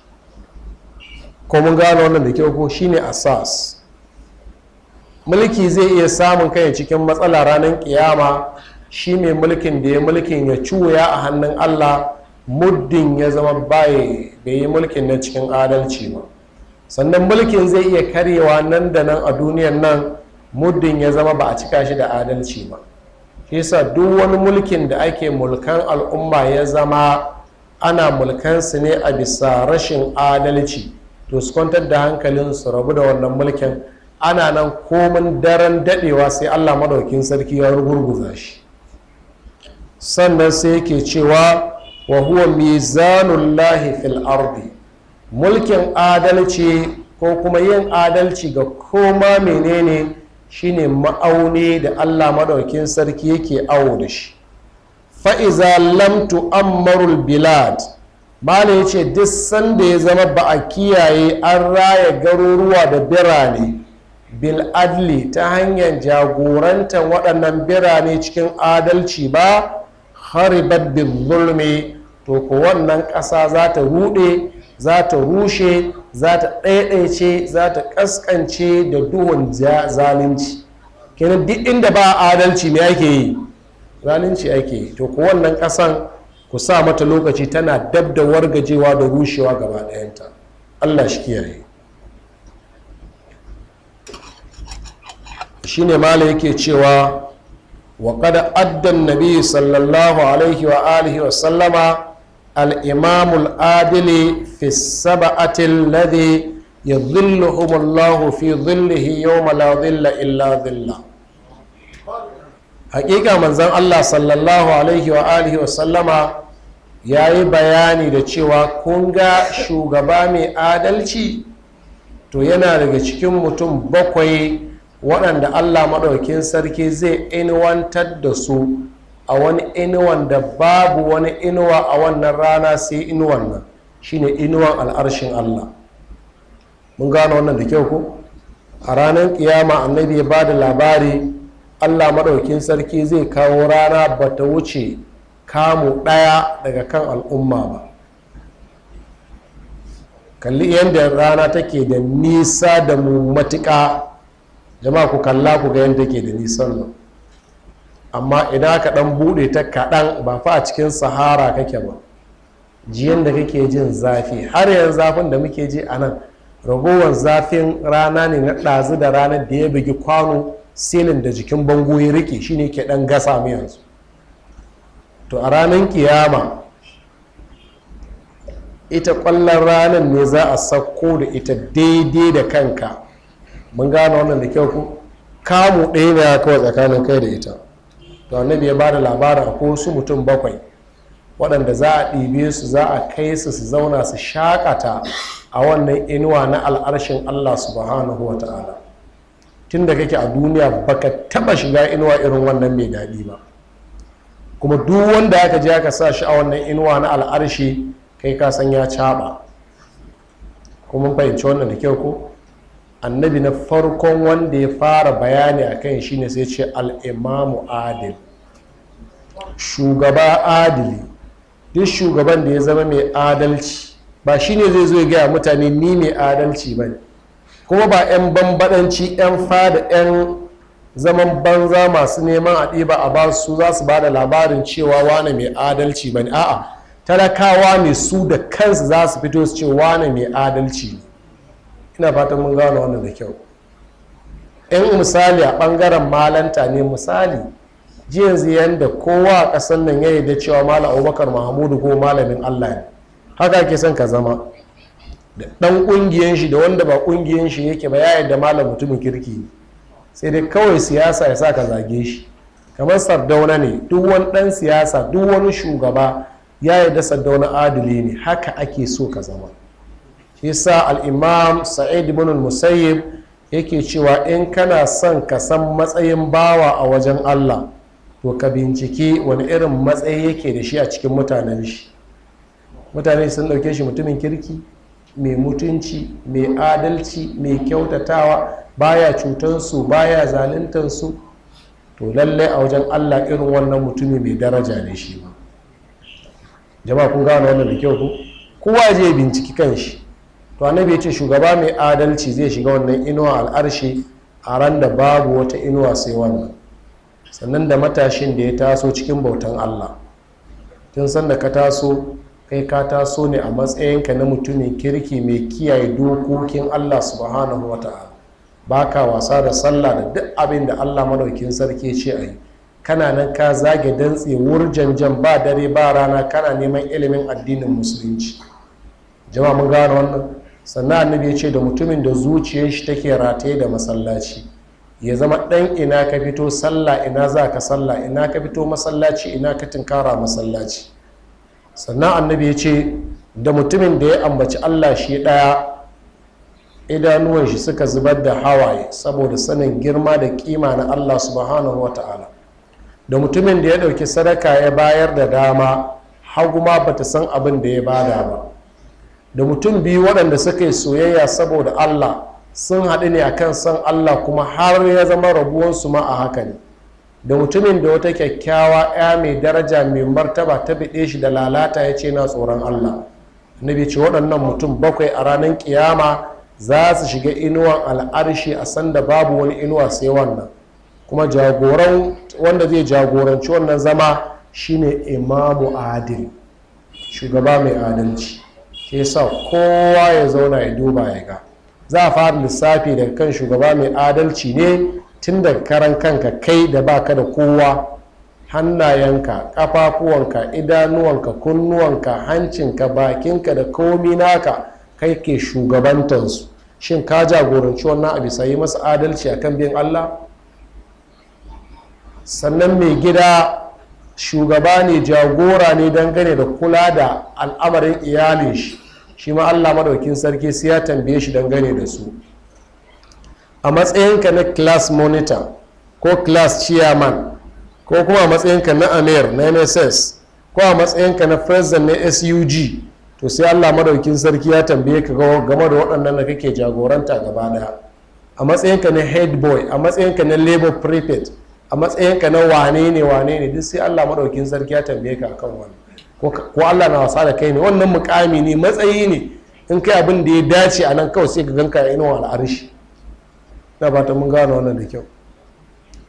ko mun gane wannan da kyau ko shine asas mulki zai iya samun kai cikin matsala ranar kiyama shi mai mulkin da ya mulkin ya cuya a hannun allah muddin ya zama baye bai yi mulkin na cikin adalci ba sannan mulkin zai iya karyewa nan da nan a duniyan nan muddin ya zama ba a cika shi da adalci ba yasa duk wani mulkin da ake mulkan al'umma ya zama ana mulkan mulkansu ne a bisa rashin adalci to su kwantar da hankalin su rabu da wannan mulkin ana nan komin daren dadewa sai allah madaukin sarki ya gurguza shi sannan sai yake cewa wa huwa mizanullahi fil ardi mulkin adalci ko kuma yin adalci ga koma menene shine ma'auni da allah maɗaukin sarki yake awo da shi fa'iza lamtu ammarul bilad malam ya ce duk sanda ya zama ba a kiyaye an raya garuruwa da birane bil adli ta hanyar jagorantar waɗannan birane cikin adalci ba haribar bin zulmi to ko wannan ƙasa za ta ruɗe za ta rushe za ta ce, za ta ƙasƙance da duhun zalunci kenan duk inda ba adalci me ake yi zalunci ake yi to ku wannan ƙasan ku sa mata lokaci tana dab da wargajewa da rushewa gaba ɗayanta allah shi kiyaye shine mala yake cewa wa kada addan nabi sallallahu alaihi wa alihi wa sallama الإمام العادل في السبعة الذي يظلهم الله في ظله يوم لا ظل إلا ظله حقيقة manzon Allah الله صلى الله عليه وآله وسلم ya yi bayani da cewa kun ga shugaba mai adalci to yana daga cikin mutum bakwai waɗanda Allah maɗaukin sarki zai inwantar da su a wani inuwan da babu wani inuwa a wannan rana sai inuwan nan shine inuwan al'arshin allah mun gano wannan da kyau ko a ranar kiyama annabi ya ba da labari allah maɗaukin sarki zai kawo rana ba ta wuce kamu ɗaya daga kan al'umma ba kalli yadda rana take da nisa da mu matuƙa jama'a ku kalla ku ga yadda ke da nisan nan amma idan ka dan bude ta kaɗan ba fa a cikin sahara kake ba jiyan da kake jin zafi har yanzu zafin da muke ji a nan ragowar zafin rana ne na ɗazu da ranar da ya bugi kwano silin da jikin bango ya rike shine ke ɗan gasa mu yanzu to a ranar kiyama ita kwallon ranar ne za a sauko da ita daidai da kanka mun gane wannan da kyau ku kamu ɗaya ne kawai tsakanin kai da ita to annabi ya bada labarin ko su mutum bakwai waɗanda za a ɗibe su za a kai su su zauna su shakata a wannan inuwa na al'arshin allah subhanahu wa ta'ala tun da kake a duniya baka taba shiga inuwa irin wannan mai daɗi ba kuma duk wanda aka je aka sa shi a wannan inuwa na al'arshi kai ka san ya caɓa kuma fahimci wannan da kyau ko annabi na farkon wanda ya fara bayani a kan shi ne sai ce al'imamu adil shugaba adili duk shugaban da ya zama mai adalci ba shine zai zo ya gaya mutane ni mai adalci ba ne kuma ba 'yan bambadanci 'yan fada 'yan zaman banza masu neman a ɗiba a ba su za su ba da labarin cewa wane mai adalci ba ne a'a talakawa ne su da kansu za su fito su ce wane mai adalci ne ina fatan mun gano wannan da kyau in misali a ɓangaren malanta ne misali jiyan yanzu yadda kowa a ƙasar nan ya yarda cewa malam abubakar mahamudu ko malamin allah ne haka ke son ka zama da ɗan ƙungiyan shi da wanda ba ƙungiyan shi yake ba ya yarda malam mutumin kirki ne sai dai kawai siyasa ya sa ka zage shi kamar sardauna ne duk wani ɗan siyasa duk wani shugaba ya yarda sardauna adali ne haka ake so ka zama yasa al'imam sa'id ibn musayyib yake cewa in kana son ka san matsayin bawa a wajen allah to ka binciki wani irin matsayi yake da shi a cikin mutanen shi mutane sun ɗauke shi mutumin kirki mai mutunci mai adalci mai kyautatawa baya cutansu baya zaluntansu to lallai a wajen allah irin wannan mutumi mai daraja ne shi ba jama'a kun gane wannan da kyau ku kowa je binciki shi. to annabi ya ce shugaba mai adalci zai shiga wannan inuwa al'arshi a ran da babu wata inuwa sai wannan sannan da matashin da ya taso cikin bautan allah tun sanda ka taso kai ka taso ne a matsayinka na mutumin kirki mai kiyaye dokokin allah subhanahu wa ta'ala ba ka wasa da sallah da duk abin da allah madaukin sarki ce a yi kana nan ka zage dantse jan-jan ba dare ba rana kana neman ilimin addinin musulunci jama'a mun gane wannan sannan annabi ya ce da mutumin da zuciyar shi take rataye da masallaci ya zama ɗan ina ka fito sallah ina za ka sallah ina ka fito masallaci ina ka tinkara masallaci sannan annabi ya ce da mutumin da ya ambaci allah shi ɗaya idanuwan shi suka zubar da hawaye saboda sanin girma da kima na allah subhanahu wa ta'ala da mutumin da ya ɗauki sadaka ya bayar da dama haguma bata san abin da ya bada ba da mutum biyu waɗanda suka yi soyayya saboda allah sun haɗu ne akan san allah kuma har ya zama su ma a haka ne da mutumin da wata kyakkyawa ya mai daraja mai martaba ta biɗe shi da lalata ya ce na tsoron allah annabi ce waɗannan mutum bakwai a ranar kiyama za su shiga inuwan al'arshi a sanda babu wani inuwa sai wannan kuma jagoran wanda zai jagoranci wannan zama shine imamu adil shugaba mai adalci shi yasa kowa ya zauna ya duba ya ga za a fara lissafi daga kan shugaba mai adalci ne tun daga karan kanka kai da baka da kowa hannayenka kafafuwanka idanuwanka kunnuwanka hancinka bakinka da komi naka kai ke shugabantansu shin ka jagoranci wannan a bisa yi masa adalci a kan bin allah sannan mai gida shugaba ne jagora ne dangane da kula da al'amarin iyalin shi shi ma allah maɗaukin sarki sai ya tambaye shi dangane da su a matsayinka na class monitor ko class chairman ko kuma a matsayinka na amir na nss ko a matsayinka na president na sug to sai allah madaukin sarki ya tambaye ka game da waɗannan da kake jagoranta gaba daya a matsayinka na head boy a matsayinka na labor prefect a matsayinka na wane ne wane ne duk sai allah maɗaukin sarki ya tambaye ka akan wani ko Allah na wasa da kai ne wannan mukami ne matsayi ne in kai abin da ya dace a nan kawai sai ka ganka al'adun shi. al'arshi ba ta mun gano wannan da kyau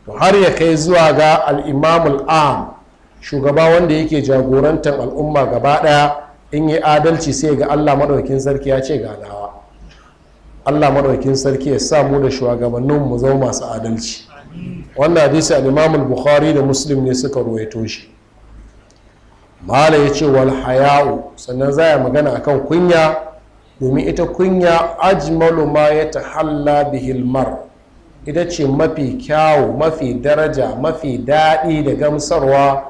to har ya kai zuwa ga al'imamul am shugaba wanda yake jagorantar al'umma gaba daya in yi adalci sai ga allah maɗaukin sarki ya ce ga ganawa allah maɗaukin sarki ya sa mu da shugabannin mu zama masu adalci wannan hadisi al bukhari da muslim ne suka ruwaito shi mala ya ce wal haya'u sannan za a magana kan kunya domin ita kunya ajmalu ma ya tahalla bihil mar ita ce mafi kyawu mafi daraja mafi daɗi da gamsarwa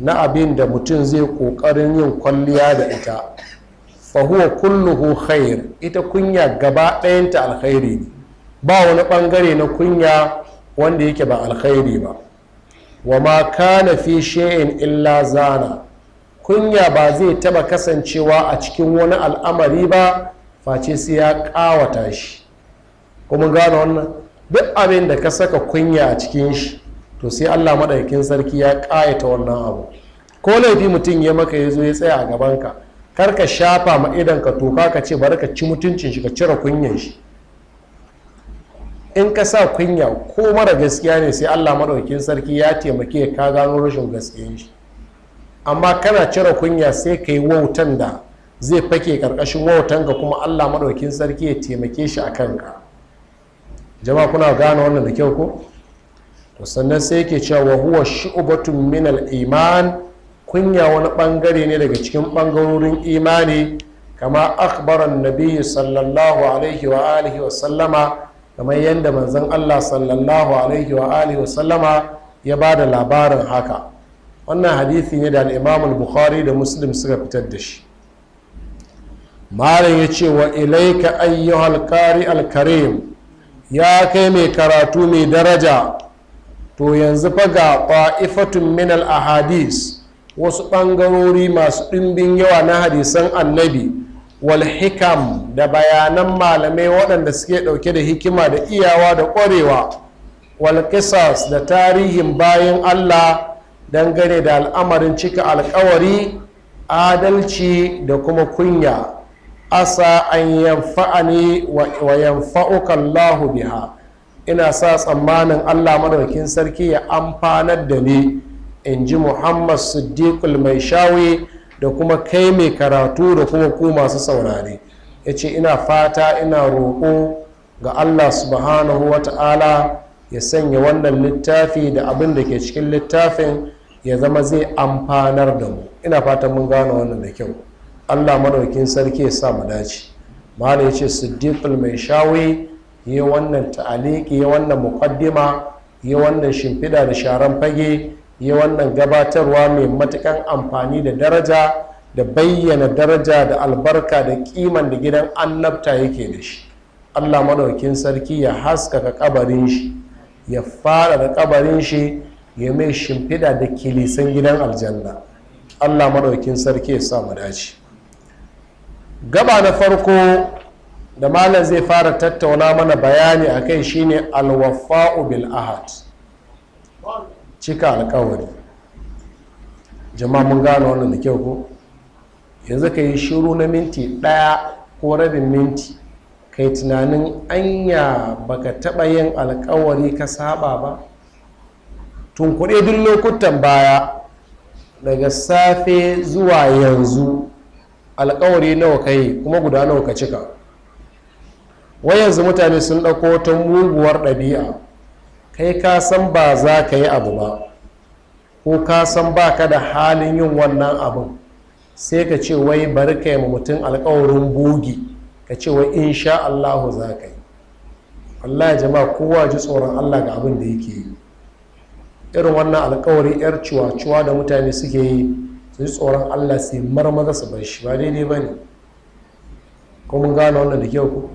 na abin da mutum zai ƙoƙarin yin kwalliya da ita fahuwa kulluhu khair ita kunya gaba ɗayanta alkhairi ne ba wani ɓangare na kunya wanda yake ba alkhairi ba wa ma kana fi illa zana kunya ba zai taba kasancewa a cikin wani al'amari ba face sai ya kawata shi kuma gano wannan duk abin da ka saka kunya a cikin shi to sai allah maɗaukin sarki ya ƙayata wannan abu ko laifi mutum ya maka ya zo ya tsaya a gabanka kar ka shafa ma idan ka toka ka ce bari ka ci mutuncin shi ka cire kunyan shi in ka sa kunya ko mara gaskiya ne sai allah maɗaukin sarki ya taimake ka gano rashin gaskiyan shi amma kana cire kunya sai ka yi wautan da zai fake karkashin wautan wautanka kuma allah maɗaukin sarki ya taimake shi a kanka jama'a kuna gane wannan da kyau ko to sannan sai ke cewa wa huwa shu'batun min iman kunya wani bangare ne daga cikin bangarorin imani kama akbaran an sallallahu alaihi wa alihi wa sallama kamar yadda manzon Allah sallallahu alaihi wa alihi wa sallama ya ba da labarin haka wannan hadithi ne da al'imam bukhari da muslim suka fitar da shi malam ya ce wa ilaika ayyuhal halkari al-karim ya kai mai karatu mai daraja to yanzu fa ga ƙwa'ifatun min al-ahadis wasu ɓangarori masu ɗimbin yawa na hadisan annabi wal hikam da bayanan malamai waɗanda suke ɗauke da hikima da iyawa da ƙwarewa wal da tarihin bayan allah dangane da al'amarin cika alkawari adalci da kuma kunya asa an yamfa'ani wa yanfa'uka Allahu biha ina sa tsammanin Allah madaukin sarki ya amfanar da ni in ji Muhammad Siddiqul mai shawi da kuma kai mai karatu da kuma ku masu saurare ya ce ina fata ina roƙo ga Allah subhanahu wa ta'ala ya sanya wannan littafi da abin da ke cikin littafin ya zama zai amfanar da mu ina fatan mun gano wannan da kyau allah madaukin sarki ya sa mu dace malam ya ce siddiqul mai shawe, ya wannan ta'aliki ya wannan muqaddima ya wannan shimfiɗa da sharan fage ya wannan gabatarwa mai matukan amfani da daraja da bayyana daraja da albarka da kiman da gidan annabta yake da shi allah madaukin sarki ya haskaka kabarin shi ya fara da kabarin shi ya mai shimfiɗa da kilisan gidan aljanna allah maɗaukin sarki ya sa mu dace gaba na farko da malam zai fara tattauna mana bayani a kai shine alwafa'u bil ahad cika alkawari jama'a mun gane wannan da kyau ko yanzu ka yi shiru na minti ɗaya ko rabin minti kai tunanin anya baka taɓa yin alkawari ka saba ba tunkuɗe duk lokutan baya daga safe zuwa yanzu alkawari nawa kai kuma guda nawa ka cika wai yanzu mutane sun ɗauko ta muguwar ɗabi'a kai ka san ba za ka yi abu ba ko ka san ba ka da halin yin wannan abin sai ka ce wai bari ka yi mutum alkawarin bugi ka ce wai insha allahu za ka yi allah jama'a kowa ji tsoron allah ga abin da yake yi irin wannan alkawari yar cuwa-cuwa da mutane suke yi su yi tsoron allah su yi marmaza su bar shi ba daidai ba ne ko mun gane wannan da kyau ku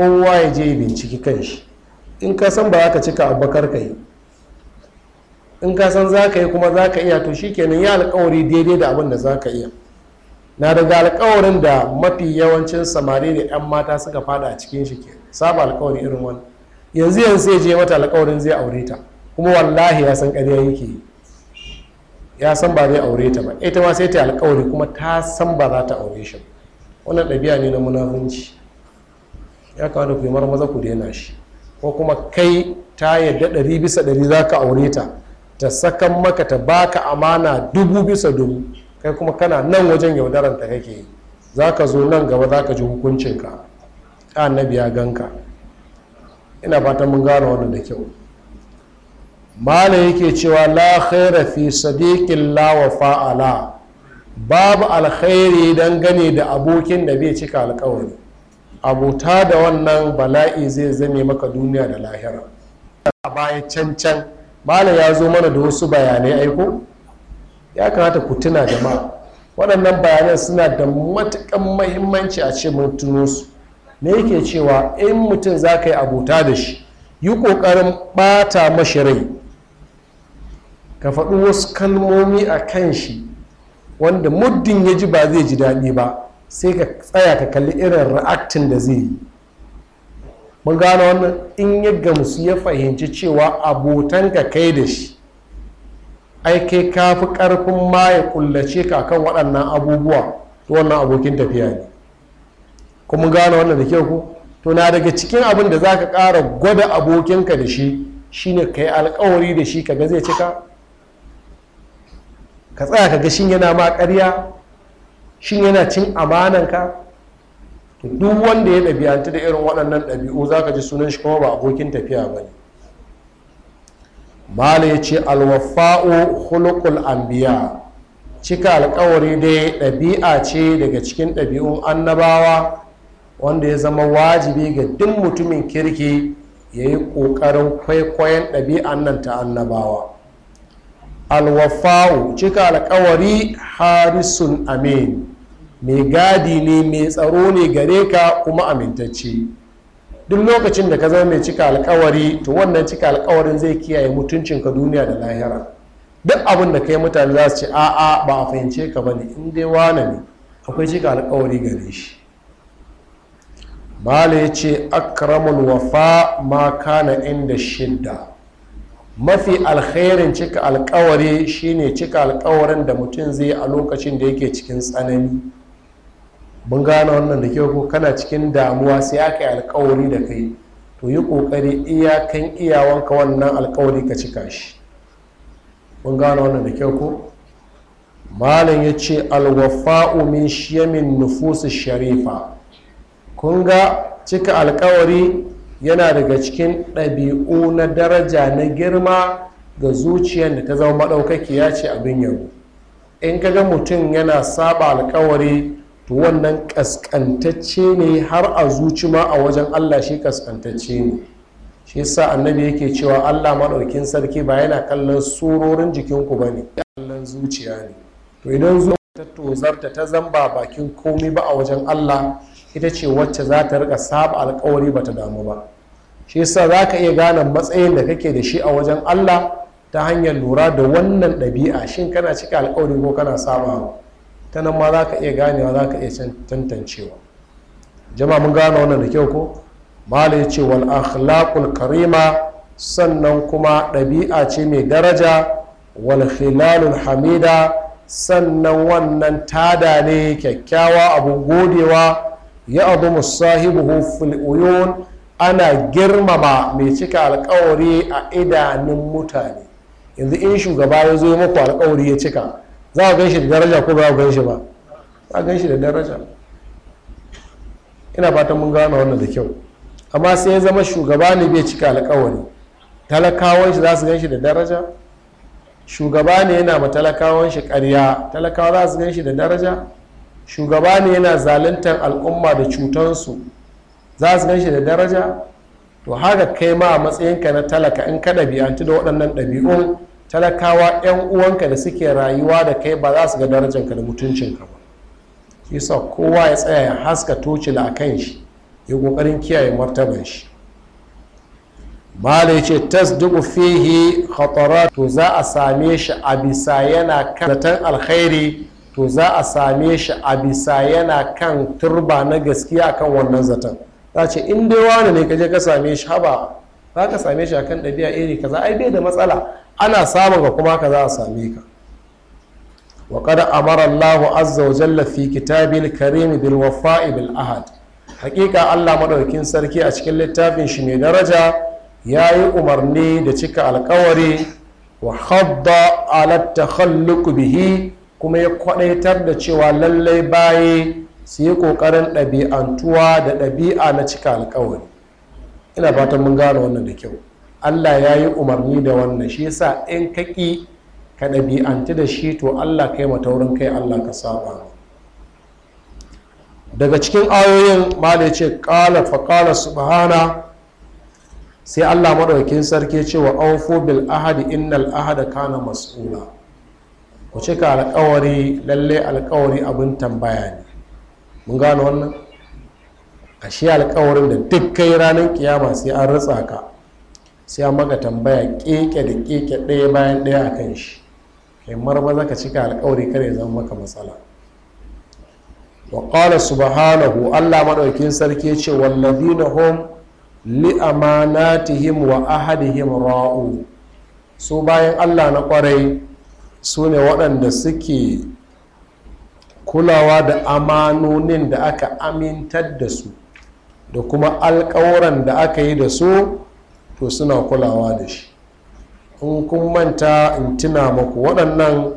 kowa ya je binciki kan shi in ka san ba za ka cika abakar ka yi in ka san za ka yi kuma za ka iya to shi kenan ya alkawari daidai da abin da za ka iya na daga alkawarin da mafi yawancin samari da 'yan mata suka fada a cikin shi ke saba alkawari irin wani yanzu yanzu ya je mata alkawarin zai aure ta kuma wallahi ya san ƙarya yake ya san ba zai aure ta ba ita ma sai ta alkawari kuma ta san ba za ta aure shi wannan ɗabi'a ne na munafunci ya kamata ku yi mara maza ku daina shi ko kuma kai ta yadda ɗari bisa ɗari za ka aure ta ta sakan maka ta baka amana dubu bisa dubu kai kuma kana nan wajen yaudaran ta kake yi za ka zo nan gaba za ka ji hukuncinka ta annabi ya ganka ina fatan mun gane wannan da kyau mala yake cewa la khaira fi sadiqin la wa fa'ala babu alkhairi dangane da abokin da bai cika alkawari abota da wannan bala'i zai zame maka duniya da lahira a baya can can mala ya zo mana da wasu bayanai aiko ya kamata ku tuna jama'a waɗannan bayanan suna da matuƙan mahimmanci a ce mun tuno su me yake cewa in mutum za ka yi abota da shi yi ƙoƙarin ɓata mashi rai ka faɗi wasu kalmomi a kan shi wanda muddin ya ji ba zai ji daɗi ba sai ka tsaya ka kalli irin ra'aktin da zai yi mun gano wannan in ya gamsu ya fahimci cewa abotanka kai da shi ai kai ka fi ƙarfin ma ya kullace ka kan waɗannan abubuwa to wannan abokin tafiya ne kuma gano wannan da kyau ku to na daga cikin abin da za ka ƙara gwada abokinka da shi shine ka yi alkawari da shi ka ga zai cika ka tsaya ka ga shin yana ma ƙarya shin yana cin amananka duk wanda ya ɗabi'antu da irin waɗannan ɗabi'u za ka ji sunan shi kuma ba abokin tafiya ba ne mala ya ce alwafa'u hulukul anbiya cika alkawari dai ɗabi'a ce daga cikin ɗabi'un annabawa wanda ya zama wajibi ga duk mutumin kirki ya yi ƙoƙarin kwaikwayon ɗabi'an nan ta annabawa Alwafawu cika alkawari harisun amin mai gadi ne mai tsaro ne gare ka kuma amintacce duk lokacin da ka zama mai cika alkawari to wannan cika alkawarin zai kiyaye mutuncinka duniya da lahira duk abin da kai mutane za su ce a'a ba a fahimce ka bane in dai wane ne akwai cika alkawari gare shi bala ya ce akramul wafa ma kana inda shidda mafi alkhairin cika alkawari shine cika alkawarin da mutum zai a lokacin da yake cikin tsanani mun gane wannan da kyau ko kana cikin damuwa sai aka yi alkawari da kai to yi kokari iyakan iyawanka wannan alkawari ka cika shi mun gane wannan da kyau ko malam ya ce alwafa'u min shiyamin nufusu sharifa kun ga cika alkawari yana daga cikin ɗabi'u na daraja na girma ga zuciyar da ta zama maɗaukaki ya ce abin yau in ka ga mutum yana saba alkawari to wannan ƙasƙantacce ne har a zuci ma a wajen allah shi ƙasƙantacce ne shi yasa annabi yake cewa allah maɗaukin sarki ba yana kallon surorin jikinku ba ne kallon zuciya ne to idan zuwa ta tozarta ta zamba bakin komi ba a wajen allah ita ce wacce za ta rika saba alkawari ba ta damu ba shi yasa za ka iya gane matsayin da kake da shi a wajen allah ta hanyar lura da wannan ɗabi'a shin kana cika alkawari ko kana saba ta nan ma za ka iya ganewa za ka iya tantancewa jama mun gane wannan da kyau ko mala ya ce wal akhlaqul karima sannan kuma ɗabi'a ce mai daraja wal khilalul hamida sannan wannan tada ne kyakkyawa abun godewa ya azumu sahibuhu fil uyun ana girmama mai cika alkawari a idanun mutane yanzu in shugaba ya zo muku alkawari ya cika za a ganshi da daraja ko ba a ganshi ba a ganshi da daraja ina fatan mun gano wannan da kyau amma sai ya zama shugaba ne bai cika alkawari talakawan shi za su ganshi da daraja shugaba ne yana ma talakawan shi karya talakawa za su ganshi da daraja shugaba ne yana zaluntar al'umma da cutansu za su gan shi da daraja to haka kai ma a matsayinka na talaka in ka ɗabi'antu da waɗannan ɗabi'un talakawa 'yan uwanka da suke rayuwa da kai ba za su ga darajanka da mutuncinka ba yasa kowa ya tsaya ya haska tocila a kan shi ya kokarin kiyaye martaban shi bala ya ce tasdiqu fihi khatarat to za a same shi a bisa yana kan zaton alkhairi to za a same shi a bisa yana kan turba na gaskiya kan wannan zaton za ce in dai wani ne ka je ka same shi haba za ka same shi akan ɗabi'a iri kaza ai bai da matsala ana samun ga kuma ka za a same ka wa qad amara Allahu azza wa jalla fi kitabil karim bil wafa'i bil ahad Haƙiƙa Allah madaukin sarki a cikin littafin shi mai daraja ya yi umarni da cika alƙawari wa hadda ala takhalluq bihi kuma ya kwadaitar da cewa lallai baye su yi kokarin ɗabi'antuwa da ɗabi'a na cika alkawari ina fatan mun gane wannan da kyau allah ya yi umarni da wannan shi yasa in kaki ka ɗabi'antu da shi to allah kai mataurin kai allah ka saba daga cikin ayoyin ya ce ƙala faƙala subhana sai allah maɗaukin sarki cewa aufo bil ahadi innal ahada kana mas'ula ku cika alkawari lalle alkawari abin tambaya ne mun gano wannan a shi alkawarin da duk kai ranar kiyama sai an ratsa ka sai an maka tambaya keke da keke ɗaya bayan ɗaya a kan shi kai za ka cika alkawari kare zama maka matsala wa qala subhanahu Allah madaukin sarki ya ce wallazina hum li amanatihim wa ahadihim ra'u su bayan Allah na kwarai su ne waɗanda suke kulawa da amanonin da aka amintar da su da kuma alkawuran da aka yi da su to suna kulawa da shi in kun manta in tuna maku waɗannan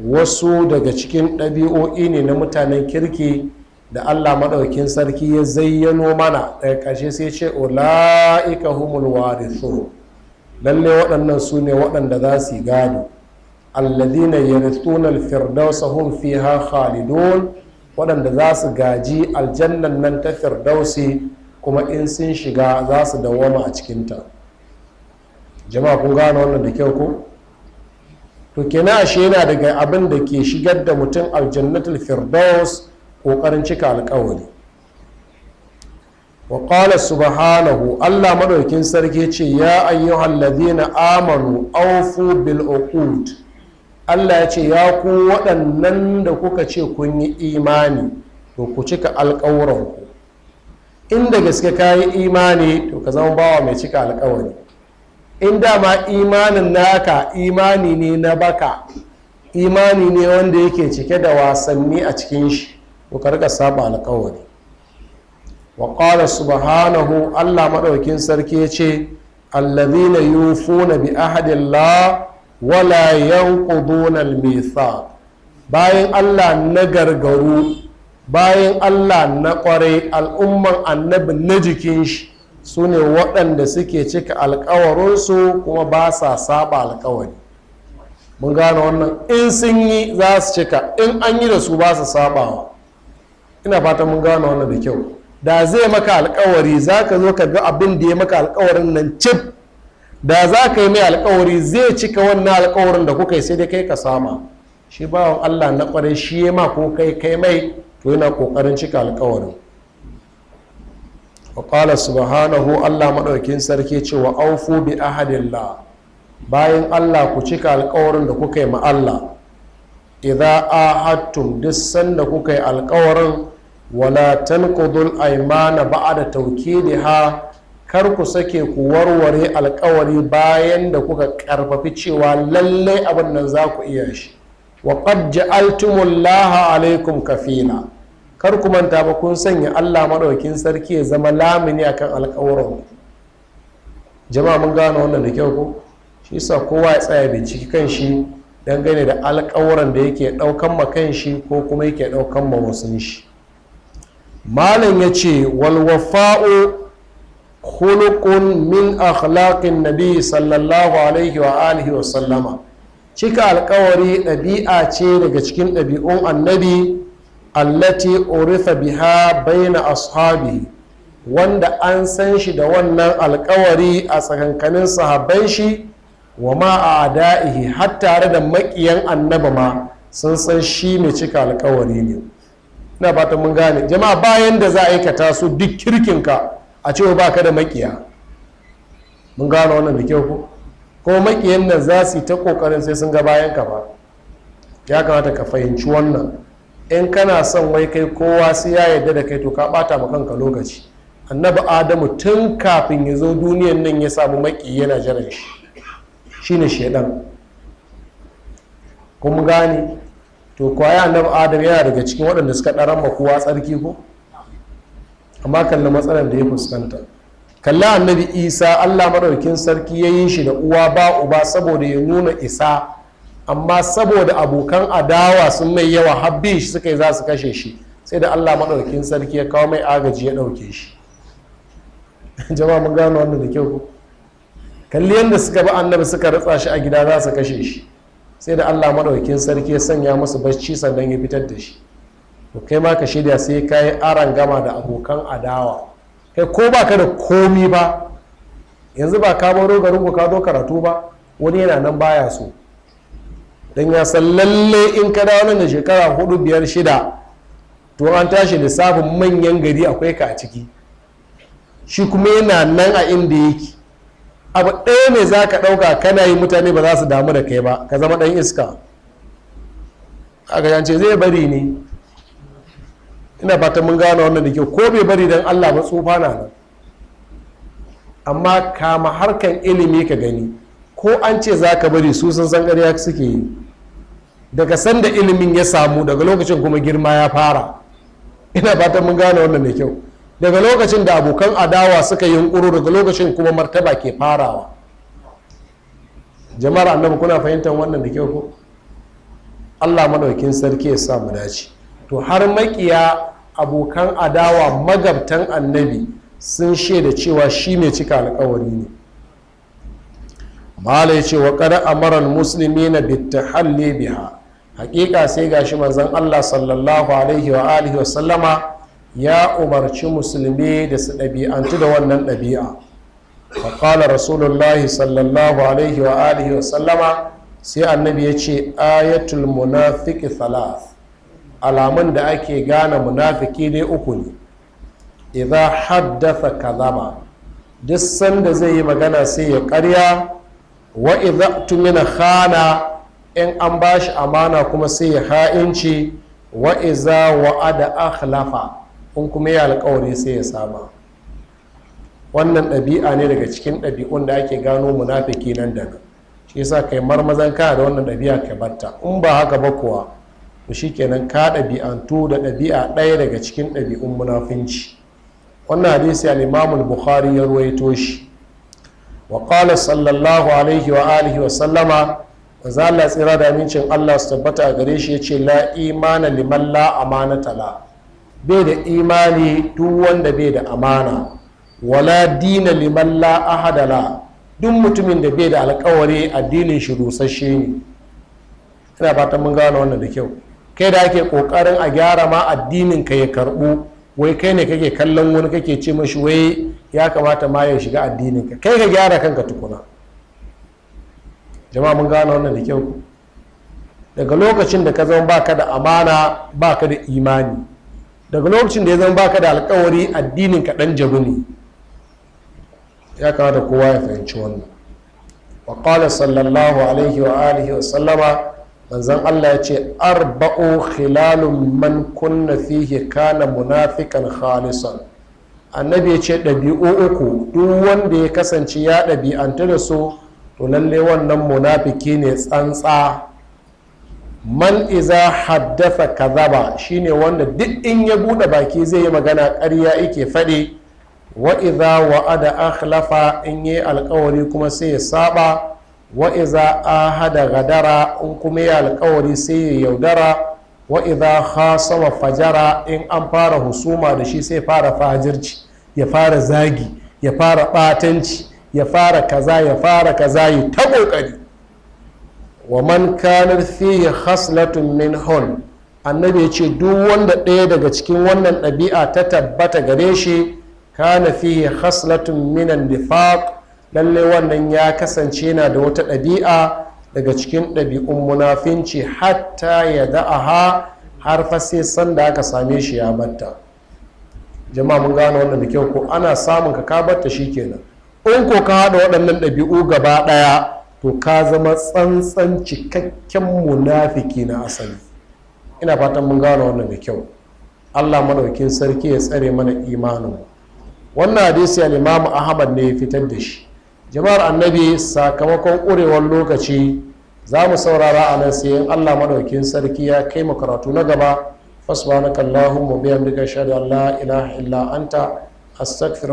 wasu daga cikin ɗabi'o'i ne na mutanen kirki da allah maɗaukin sarki ya zayyano mana daga ƙarshe sai ce ula'ika humul warithun lalle waɗannan su ne waɗanda za su yi gado alladhina yarithuna al-firdausa hum fiha khalidun waɗanda za su gaji aljannan nan ta firdausi kuma in sun shiga za su dawwama a cikinta jama'a kun gane wannan da kyau ko to kenan ashe yana daga abin da ke shigar da mutum aljannatul firdaus kokarin cika alkawari wa qala subhanahu Allah madaukin sarki ce ya ayyuhal ladina amanu awfu bil uqud allah ya ce ya ku waɗannan da kuka ce kun yi imani to ku cika alƙawuranku inda gaske ka yi imani to ka zama bawa mai cika alƙawari in ma imanin naka imani ne na baka imani ne wanda yake cike da wasanni a cikin shi to ka rika saba alƙawari wa qala subhanahu allah maɗaukin sarki ya ce allazina yufuna bi ahadillah wala yan al-mithaq bayan Allah na gargaru bayan Allah na kwarai al'umman annabi na jikin shi su ne waɗanda suke cika alkawarinsu kuma ba sa saba alkawari mun gane wannan in sun yi za su cika in an yi da su ba su sabawa ina fata mun gane wannan da kyau da zai maka alkawari za ka zo ka ga abin da ya maka alkawarin nan cip da za ka yi mai alkawari zai cika wannan alkawarin da kuka yi sai dai kai ka sama shi bawan allah na kwarai shi ya ma ko kai kai mai to yana kokarin cika alkawarin wa subhanahu allah maɗaukin sarki cewa aufu bi ahadillah bayan allah ku cika alkawarin da kuka yi ma allah idza ahadtum duk sanda kuka yi alkawarin wala tanqudul aymana ba'da tawkidiha kar ku sake ku warware alkawari bayan da kuka karfafi cewa lallai abin nan za ku iya shi wa qad ja'altumullaha alaikum kafina kar ku manta ba kun sanya Allah maɗaukin sarki ya zama lamini akan alkawarin jama'a mun gane wannan da kyau ko shi yasa kowa ya tsaya binciki kan shi dangane da alkawaran da yake ɗaukan ma kan shi ko kuma yake ɗaukan ma wasun shi malam yace ce wafa'u khuluqun min akhlaqin nabi sallallahu alaihi wa alihi wa sallama cika alkawari ɗabi'a ce daga cikin ɗabi'un annabi allati urifa biha baina ashabi wanda an san shi da wannan alkawari a tsakankanin sahabban shi wa ma a da'ihi har tare da makiyan annaba ma sun san shi mai cika alkawari ne na fatan mun gane jama'a bayan da za a aikata su duk kirkinka a cewa ba ka da makiya mun gano wannan da kyau ko makiyan nan za su yi ta kokarin sai sun ga bayan ka ba ya kamata ka fahimci wannan in kana son wai kai kowa sai ya yarda da kai to ka bata ma kanka lokaci annabi adamu tun kafin ya zo duniyan nan ya samu maki yana jiran shi shine shedan kun gane to kwaya annabi adamu yana daga cikin waɗanda suka ɗaran ma kowa tsarki ko amma kalli matsalar da ya fuskanta kalli annabi isa allah maɗaukin sarki ya yi shi da uwa ba uba saboda ya nuna isa amma saboda abokan adawa sun mai yawa habbi shi suka yi za su kashe shi sai da allah maɗaukin sarki ya kawo mai agaji ya ɗauke shi (laughs) da kalli yadda suka bi annabi suka ratsa shi a gida za su kashe shi sai da allah maɗaukin sarki ya sanya musu bacci sannan ya fitar da shi to kai ma ka shirya sai ka yi aran gama da abokan adawa kai ko ba ka da komi ba yanzu ba ka baro garin ka zo karatu ba wani yana nan baya so don ya san lalle in ka dawo nan da shekara hudu biyar shida to an tashi lissafin manyan gari akwai ka a ciki shi kuma yana nan a inda yake abu ɗaya mai za ka ɗauka kana yi mutane ba za su damu da kai ba ka zama ɗan iska a ce zai bari ne ina fatan mun gane wannan da kyau ko bai bari don allah ba tsufa na nan amma kama harkan ilimi ka gani ko an ce za ka bari su sun san ƙarya suke yi daga sanda ilimin ya samu daga lokacin kuma girma ya fara ina fatan mun gane wannan da kyau daga lokacin da abokan adawa suka yi hunkuru daga lokacin kuma martaba ke farawa jama'ar annabi kuna fahimtar wannan da kyau ko allah madaukin sarki ya sa mu dace to har makiya abokan adawa magabtan annabi sun shaida cewa shi mai cika alkawari ne mala ya ce wa kada amaran musulmi na bitta halle biya hakika sai gashi manzan allah sallallahu alaihi wa alihi sallama ya umarci musulmi da su ɗabi'antu da wannan ɗabi'a faƙala rasulullahi sallallahu alaihi wa alihi sallama sai annabi ya ce ayatul munafiki thalath alamun da ake gane munafiki ne uku ne idan haddasa kazama duk sanda zai yi magana sai ya karya wa idan tumina khana in an ba shi amana kuma sai ya ha'inci wa iza wa'ada akhlafa in kuma ya alkawari sai ya saba wannan ɗabi'a ne daga cikin ɗabi'un da ake gano munafiki nan da nan shi yasa kai marmazan kana da wannan ɗabi'a ka batta in ba haka ba kuwa to shikenan ka ɗabi'antu da ɗabi'a ɗaya daga cikin ɗabi'un munafinci wannan hadisi al-imam al-bukhari ya ruwaito shi wa qala sallallahu alaihi wa alihi wa sallama manzo Allah tsira da amincin Allah su tabbata a gare shi yace la imana liman la amana tala, bai da imani duk wanda bai da amana wala dina liman la ahadala duk mutumin da bai da alkawari addinin shi rusasshe ne ina fatan mun gane wannan da kyau kai da ake kokarin a gyara ma addinin ka ya karbu wai kai ne kake kallon wani kake ce mashi wai ya kamata ma ya shiga addinin ka kai ka gyara kanka tukuna jama'a mun gane wannan da kyau daga lokacin da ka zama baka da amana baka da imani daga lokacin da ya zama baka da alkawari addinin ka dan jabu ne ya kamata kowa ya fahimci wannan wa qala sallallahu alaihi wa alihi wa sallama manzan allah ya ce arba'u khilalun man kunna fihi kana munafikan khalisan annabi ya ce ɗabi'u uku duk wanda ya kasance ya ɗabi'antu da su to lalle wannan munafiki ne tsantsa man iza haddafa kazaba shine wanda duk in ya buɗe baki zai yi magana ƙarya yake faɗi wa iza wa'ada akhlafa in yi alkawari kuma sai ya saba wa a hada gadara in kuma ya alkawari sai ya yaudara wa iza sama fajara in an fara husuma da shi sai fara fajirci ya fara zagi ya fara batanci ya fara kaza ya fara kaza yi ta kokari wa man kanar fiye khaslatun min hol annabi ya ce duk wanda ɗaya daga cikin wannan ɗabi'a ta tabbata gare shi kana fiye khaslatun minan nifaq lalle wannan ya kasance yana da wata ɗabi'a daga cikin ɗabi'un munafinci hatta ya da'aha har fa sai sanda aka same shi ya batta jama'a mun gane wannan da kyau ko ana samun ka ka shi kenan in ko ka haɗa waɗannan ɗabi'u gaba ɗaya to ka zama tsantsan cikakken munafiki na asali ina fatan mun gane wannan da kyau allah madaukin sarki ya tsare mana imanin wannan hadisi al-imamu ahmad ne ya fitar da shi jama'ar annabi sakamakon ƙurewar lokaci za mu saurara a nan sai allah maɗaukin sarki ya kai mu karatu na gaba fasbanaka mu biyan shahadu an la ilaha illa anta astaghfiruka